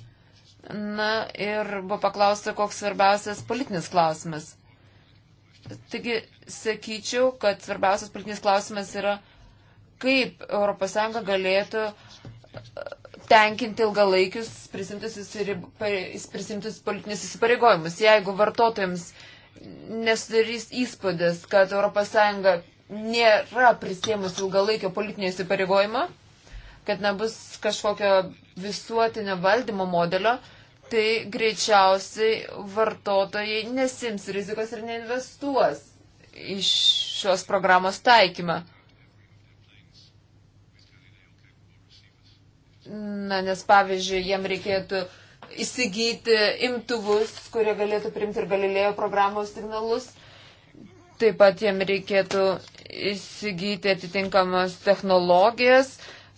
Na ir buvo paklausta, koks svarbiausias politinis klausimas. Taigi, sakyčiau, kad svarbiausias politinis klausimas yra kaip ES galėtų e, tenkinti ilgalaikius prisimtus politinius įsipareigojimus. Jeigu vartotojams nesudarys įspūdis, kad ES nėra prisėmus ilgalaikio politinio įsipareigojimo, kad nebus kažkokio visuotinio valdymo modelio, tai greičiausiai vartotojai nesims rizikos ir neinvestuos iš šios programos taikymą. Na, nes pavyzdžiui, jiem reikėtų įsigyti imtuvus, kurie galėtų primti ir Galilėjo programos signalus. Taip pat jiem reikėtų įsigyti atitinkamas technologijas,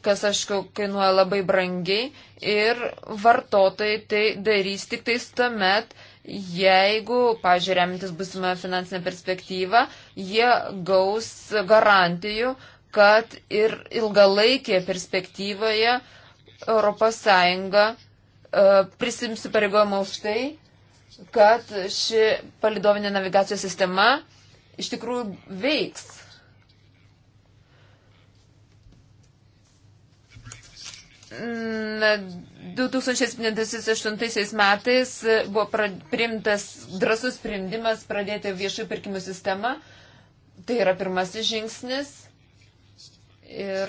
kas, aišku, kainuoja labai brangiai. Ir vartotojai tai darys tik tais tuomet, jeigu, pažiūrėmintis būsimą finansinę perspektyvą, jie gaus garantijų, kad ir ilgalaikėje perspektyvoje uh, ES e, prisims įpareigojimą už tai, kad ši palidovinė navigacijos sistema iš tikrųjų veiks. Na, 2008 metais buvo priimtas drasus sprendimas pradėti viešųjų pirkimų sistemą. Tai yra pirmasis žingsnis. Ir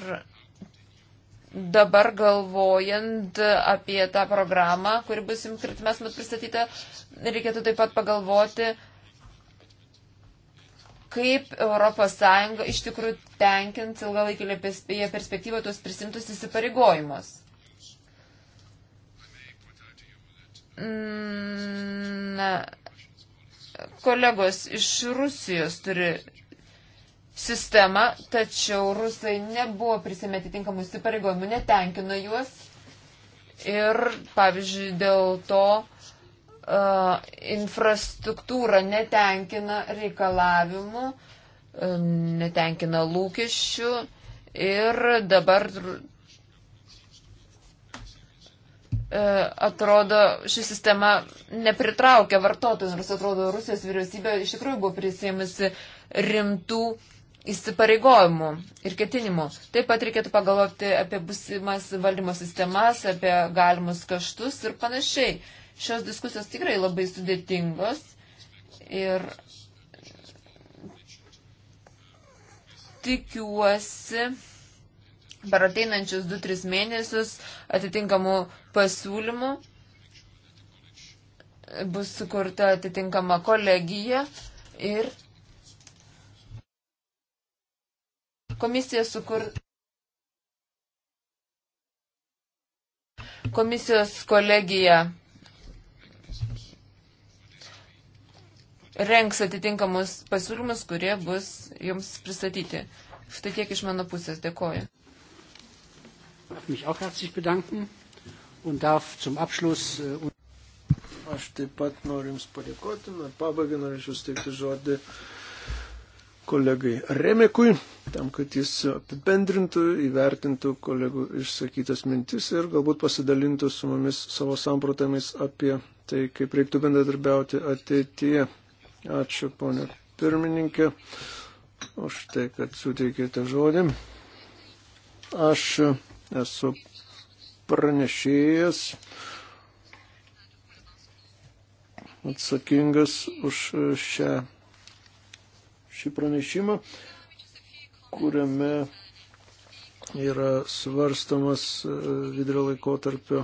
dabar galvojant apie tą programą, kuri bus jums kritimas mat pristatyta, reikėtų taip pat pagalvoti, kaip ES iš tikrųjų tenkins ilgalaikėje perspektyvoje tuos prisimtus įsipareigojimus. Mm, na, kolegos iš Rusijos turi sistemą, tačiau rusai nebuvo prisimę atitinkamų įsipareigojimų, netenkino juos. Ir, pavyzdžiui, dėl to uh, infrastruktūra netenkina reikalavimų, uh, netenkina lūkesčių ir dabar atrodo, ši sistema nepritraukia vartotojų, nors atrodo, Rusijos vyriausybė iš tikrųjų buvo prisėmusi rimtų įsipareigojimų ir ketinimų. Taip pat reikėtų pagalvoti apie busimas valdymo sistemas, apie galimus kaštus ir panašiai. Šios diskusijos tikrai labai sudėtingos ir tikiuosi per ateinančius 2-3 mėnesius atitinkamų pasiūlymų bus sukurta atitinkama kolegija ir Komisija sukurta. Komisijos kolegija renks atitinkamus pasiūlymus, kurie bus jums pristatyti. Štai tiek iš mano pusės. Dėkoju.
Äh, Aš taip pat noriu Jums padėkoti. Na, pabaigai norėčiau steigti žodį kolegai Remekui, tam, kad jis apibendrintų, įvertintų kolegų išsakytas mintis ir galbūt pasidalintų su mumis savo samprotamais apie tai, kaip reiktų bendradarbiauti ateityje. Ačiū, ponė pirmininkė, už tai, kad suteikėte žodį. Aš esu pranešėjas atsakingas už šią šį pranešimą, kuriame yra svarstamas e, vidurio laikotarpio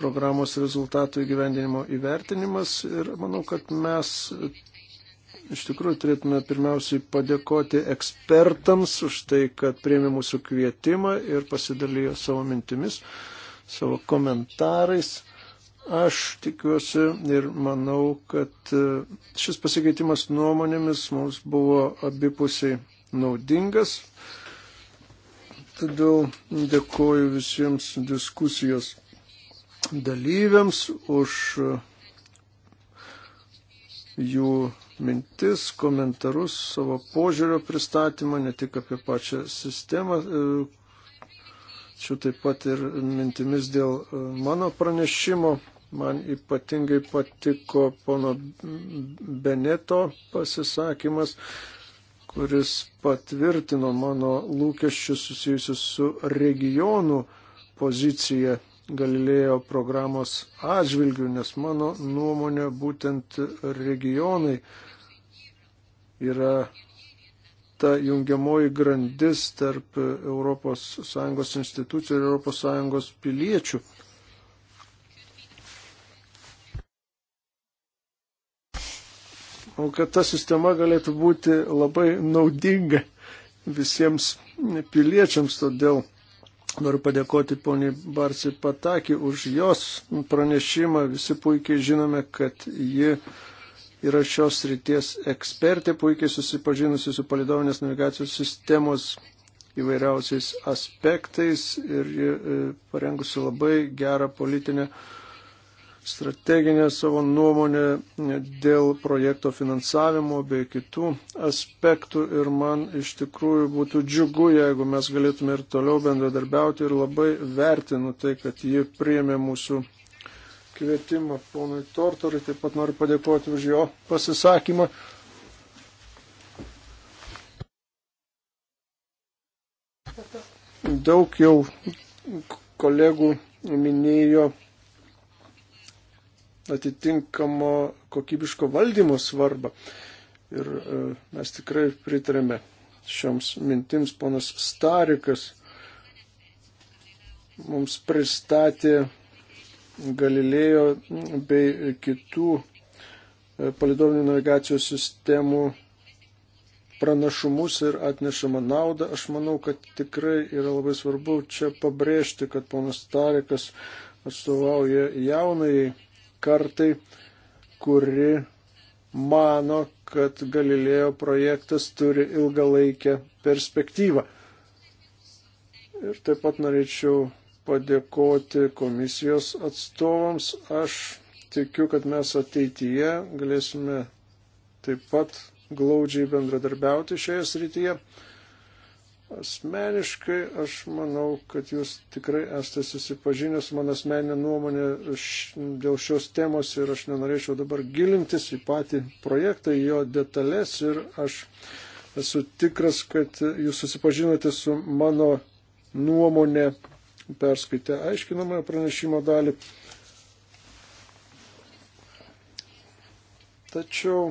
programos rezultatų įgyvendinimo įvertinimas ir manau, kad mes iš tikrųjų turėtume pirmiausiai padėkoti ekspertams už tai, kad priemi mūsų kvietimą ir pasidalijo savo mintimis, savo komentarais. Aš tikiuosi ir manau, kad e, šis pasikeitimas nuomonėmis mums buvo abipusiai naudingas. Todėl dėkoju visiems diskusijos dalyviams už e, jų mintis, komentarus, savo požiūrio pristatymą, ne tik apie pačią sistemą, e, Ačiū taip pat ir mintimis dėl e, mano pranešimo. Man ypatingai patiko pono Beneto pasisakymas, kuris patvirtino mano lūkesčius susijusius su regionų pozicija Galilėjo programos atžvilgių, nes mano nuomonė būtent regionai yra ta jungiamoji grandis tarp ES institucijų ir ES piliečių. O kad ta sistema galėtų būti labai naudinga visiems piliečiams, todėl noriu padėkoti poniai Barsi Pataki už jos pranešimą. Visi puikiai žinome, kad ji yra šios ryties ekspertė, puikiai susipažinusi su palidovinės navigacijos sistemos įvairiausiais aspektais ir e, parengusi labai gerą politinę strateginę savo nuomonę e, dėl projekto finansavimo bei kitų aspektų ir man iš tikrųjų būtų džiugu, jeigu mes galėtume ir toliau bendradarbiauti ir labai vertinu tai, kad ji priėmė mūsų kvietimą ponui Tortorui, taip pat noriu padėkoti už jo pasisakymą. Daug jau kolegų minėjo atitinkamo kokybiško valdymo svarbą. Ir e, mes tikrai pritarėme šioms mintims. Ponas Starikas mums pristatė Galilėjo bei kitų e, palidovinių navigacijos sistemų pranašumus ir atnešamą naudą. Aš manau, kad tikrai yra labai svarbu čia pabrėžti, kad ponas Tarikas atstovauja jaunai kartai, kuri mano, kad Galilėjo projektas turi ilgalaikę perspektyvą. Ir taip pat norėčiau padėkoti komisijos atstovams. Aš tikiu, kad mes ateityje galėsime taip pat glaudžiai bendradarbiauti šioje srityje. Asmeniškai aš manau, kad jūs tikrai esate susipažinęs mano asmeninę nuomonę dėl šios temos ir aš nenorėčiau dabar gilintis į patį projektą, į jo detalės ir aš esu tikras, kad jūs susipažinote su mano nuomonė perskaitę aiškinamąją pranešimo dalį. Tačiau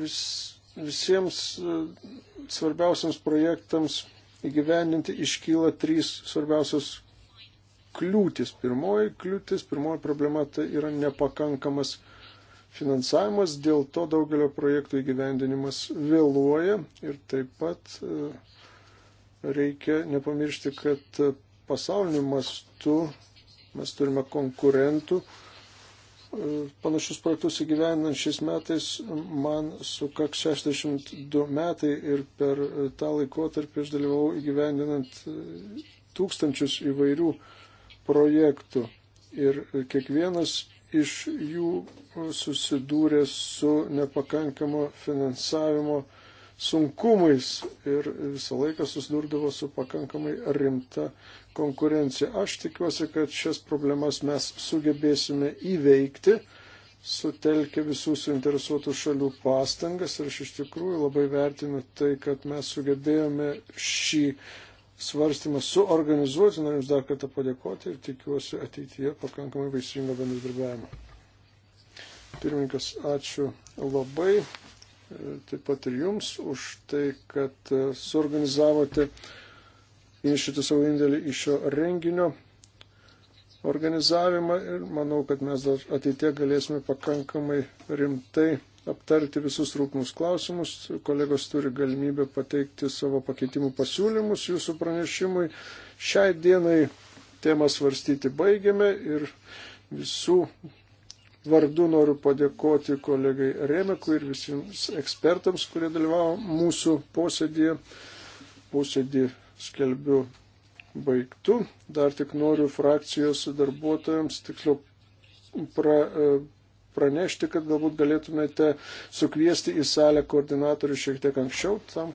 vis, visiems e, svarbiausiams projektams įgyvendinti iškyla trys svarbiausios kliūtis. Pirmoji kliūtis, pirmoji problema tai yra nepakankamas finansavimas, dėl to daugelio projektų įgyvendinimas vėluoja ir taip pat e, reikia nepamiršti, kad pasauliniu mastu mes turime konkurentų. E, panašius projektus įgyvenant šiais metais man sukak 62 metai ir per tą laikotarpį aš dalyvau įgyvendinant tūkstančius įvairių projektų. Ir kiekvienas iš jų susidūrė su nepakankamo finansavimo uh, sunkumais ir visą laiką susidurdavo su pakankamai rimta konkurencija. Aš tikiuosi, kad šias problemas mes sugebėsime įveikti, sutelkę visų suinteresuotų šalių pastangas ir aš iš tikrųjų labai vertinu tai, kad mes sugebėjome šį svarstymą suorganizuoti, noriu Jums dar kartą padėkoti ir tikiuosi ateityje pakankamai vaisingo bendradarbiavimo. Pirmininkas, ačiū labai taip pat ir jums už tai, kad e, suorganizavote įnešyti savo indėlį iš šio renginio organizavimą ir manau, kad mes dar ateitie galėsime pakankamai rimtai aptarti visus rūpnus klausimus. Kolegos turi galimybę pateikti savo pakeitimų pasiūlymus jūsų pranešimui. Šiai dienai temą svarstyti baigiame ir visų vardu noriu padėkoti kolegai Remekui ir visiems ekspertams, kurie dalyvavo mūsų posėdėje. Posėdį skelbiu baigtų. Dar tik noriu frakcijos darbuotojams tiksliau pra, e, pranešti, kad galbūt galėtumėte sukviesti į salę koordinatorių šiek tiek anksčiau, tam,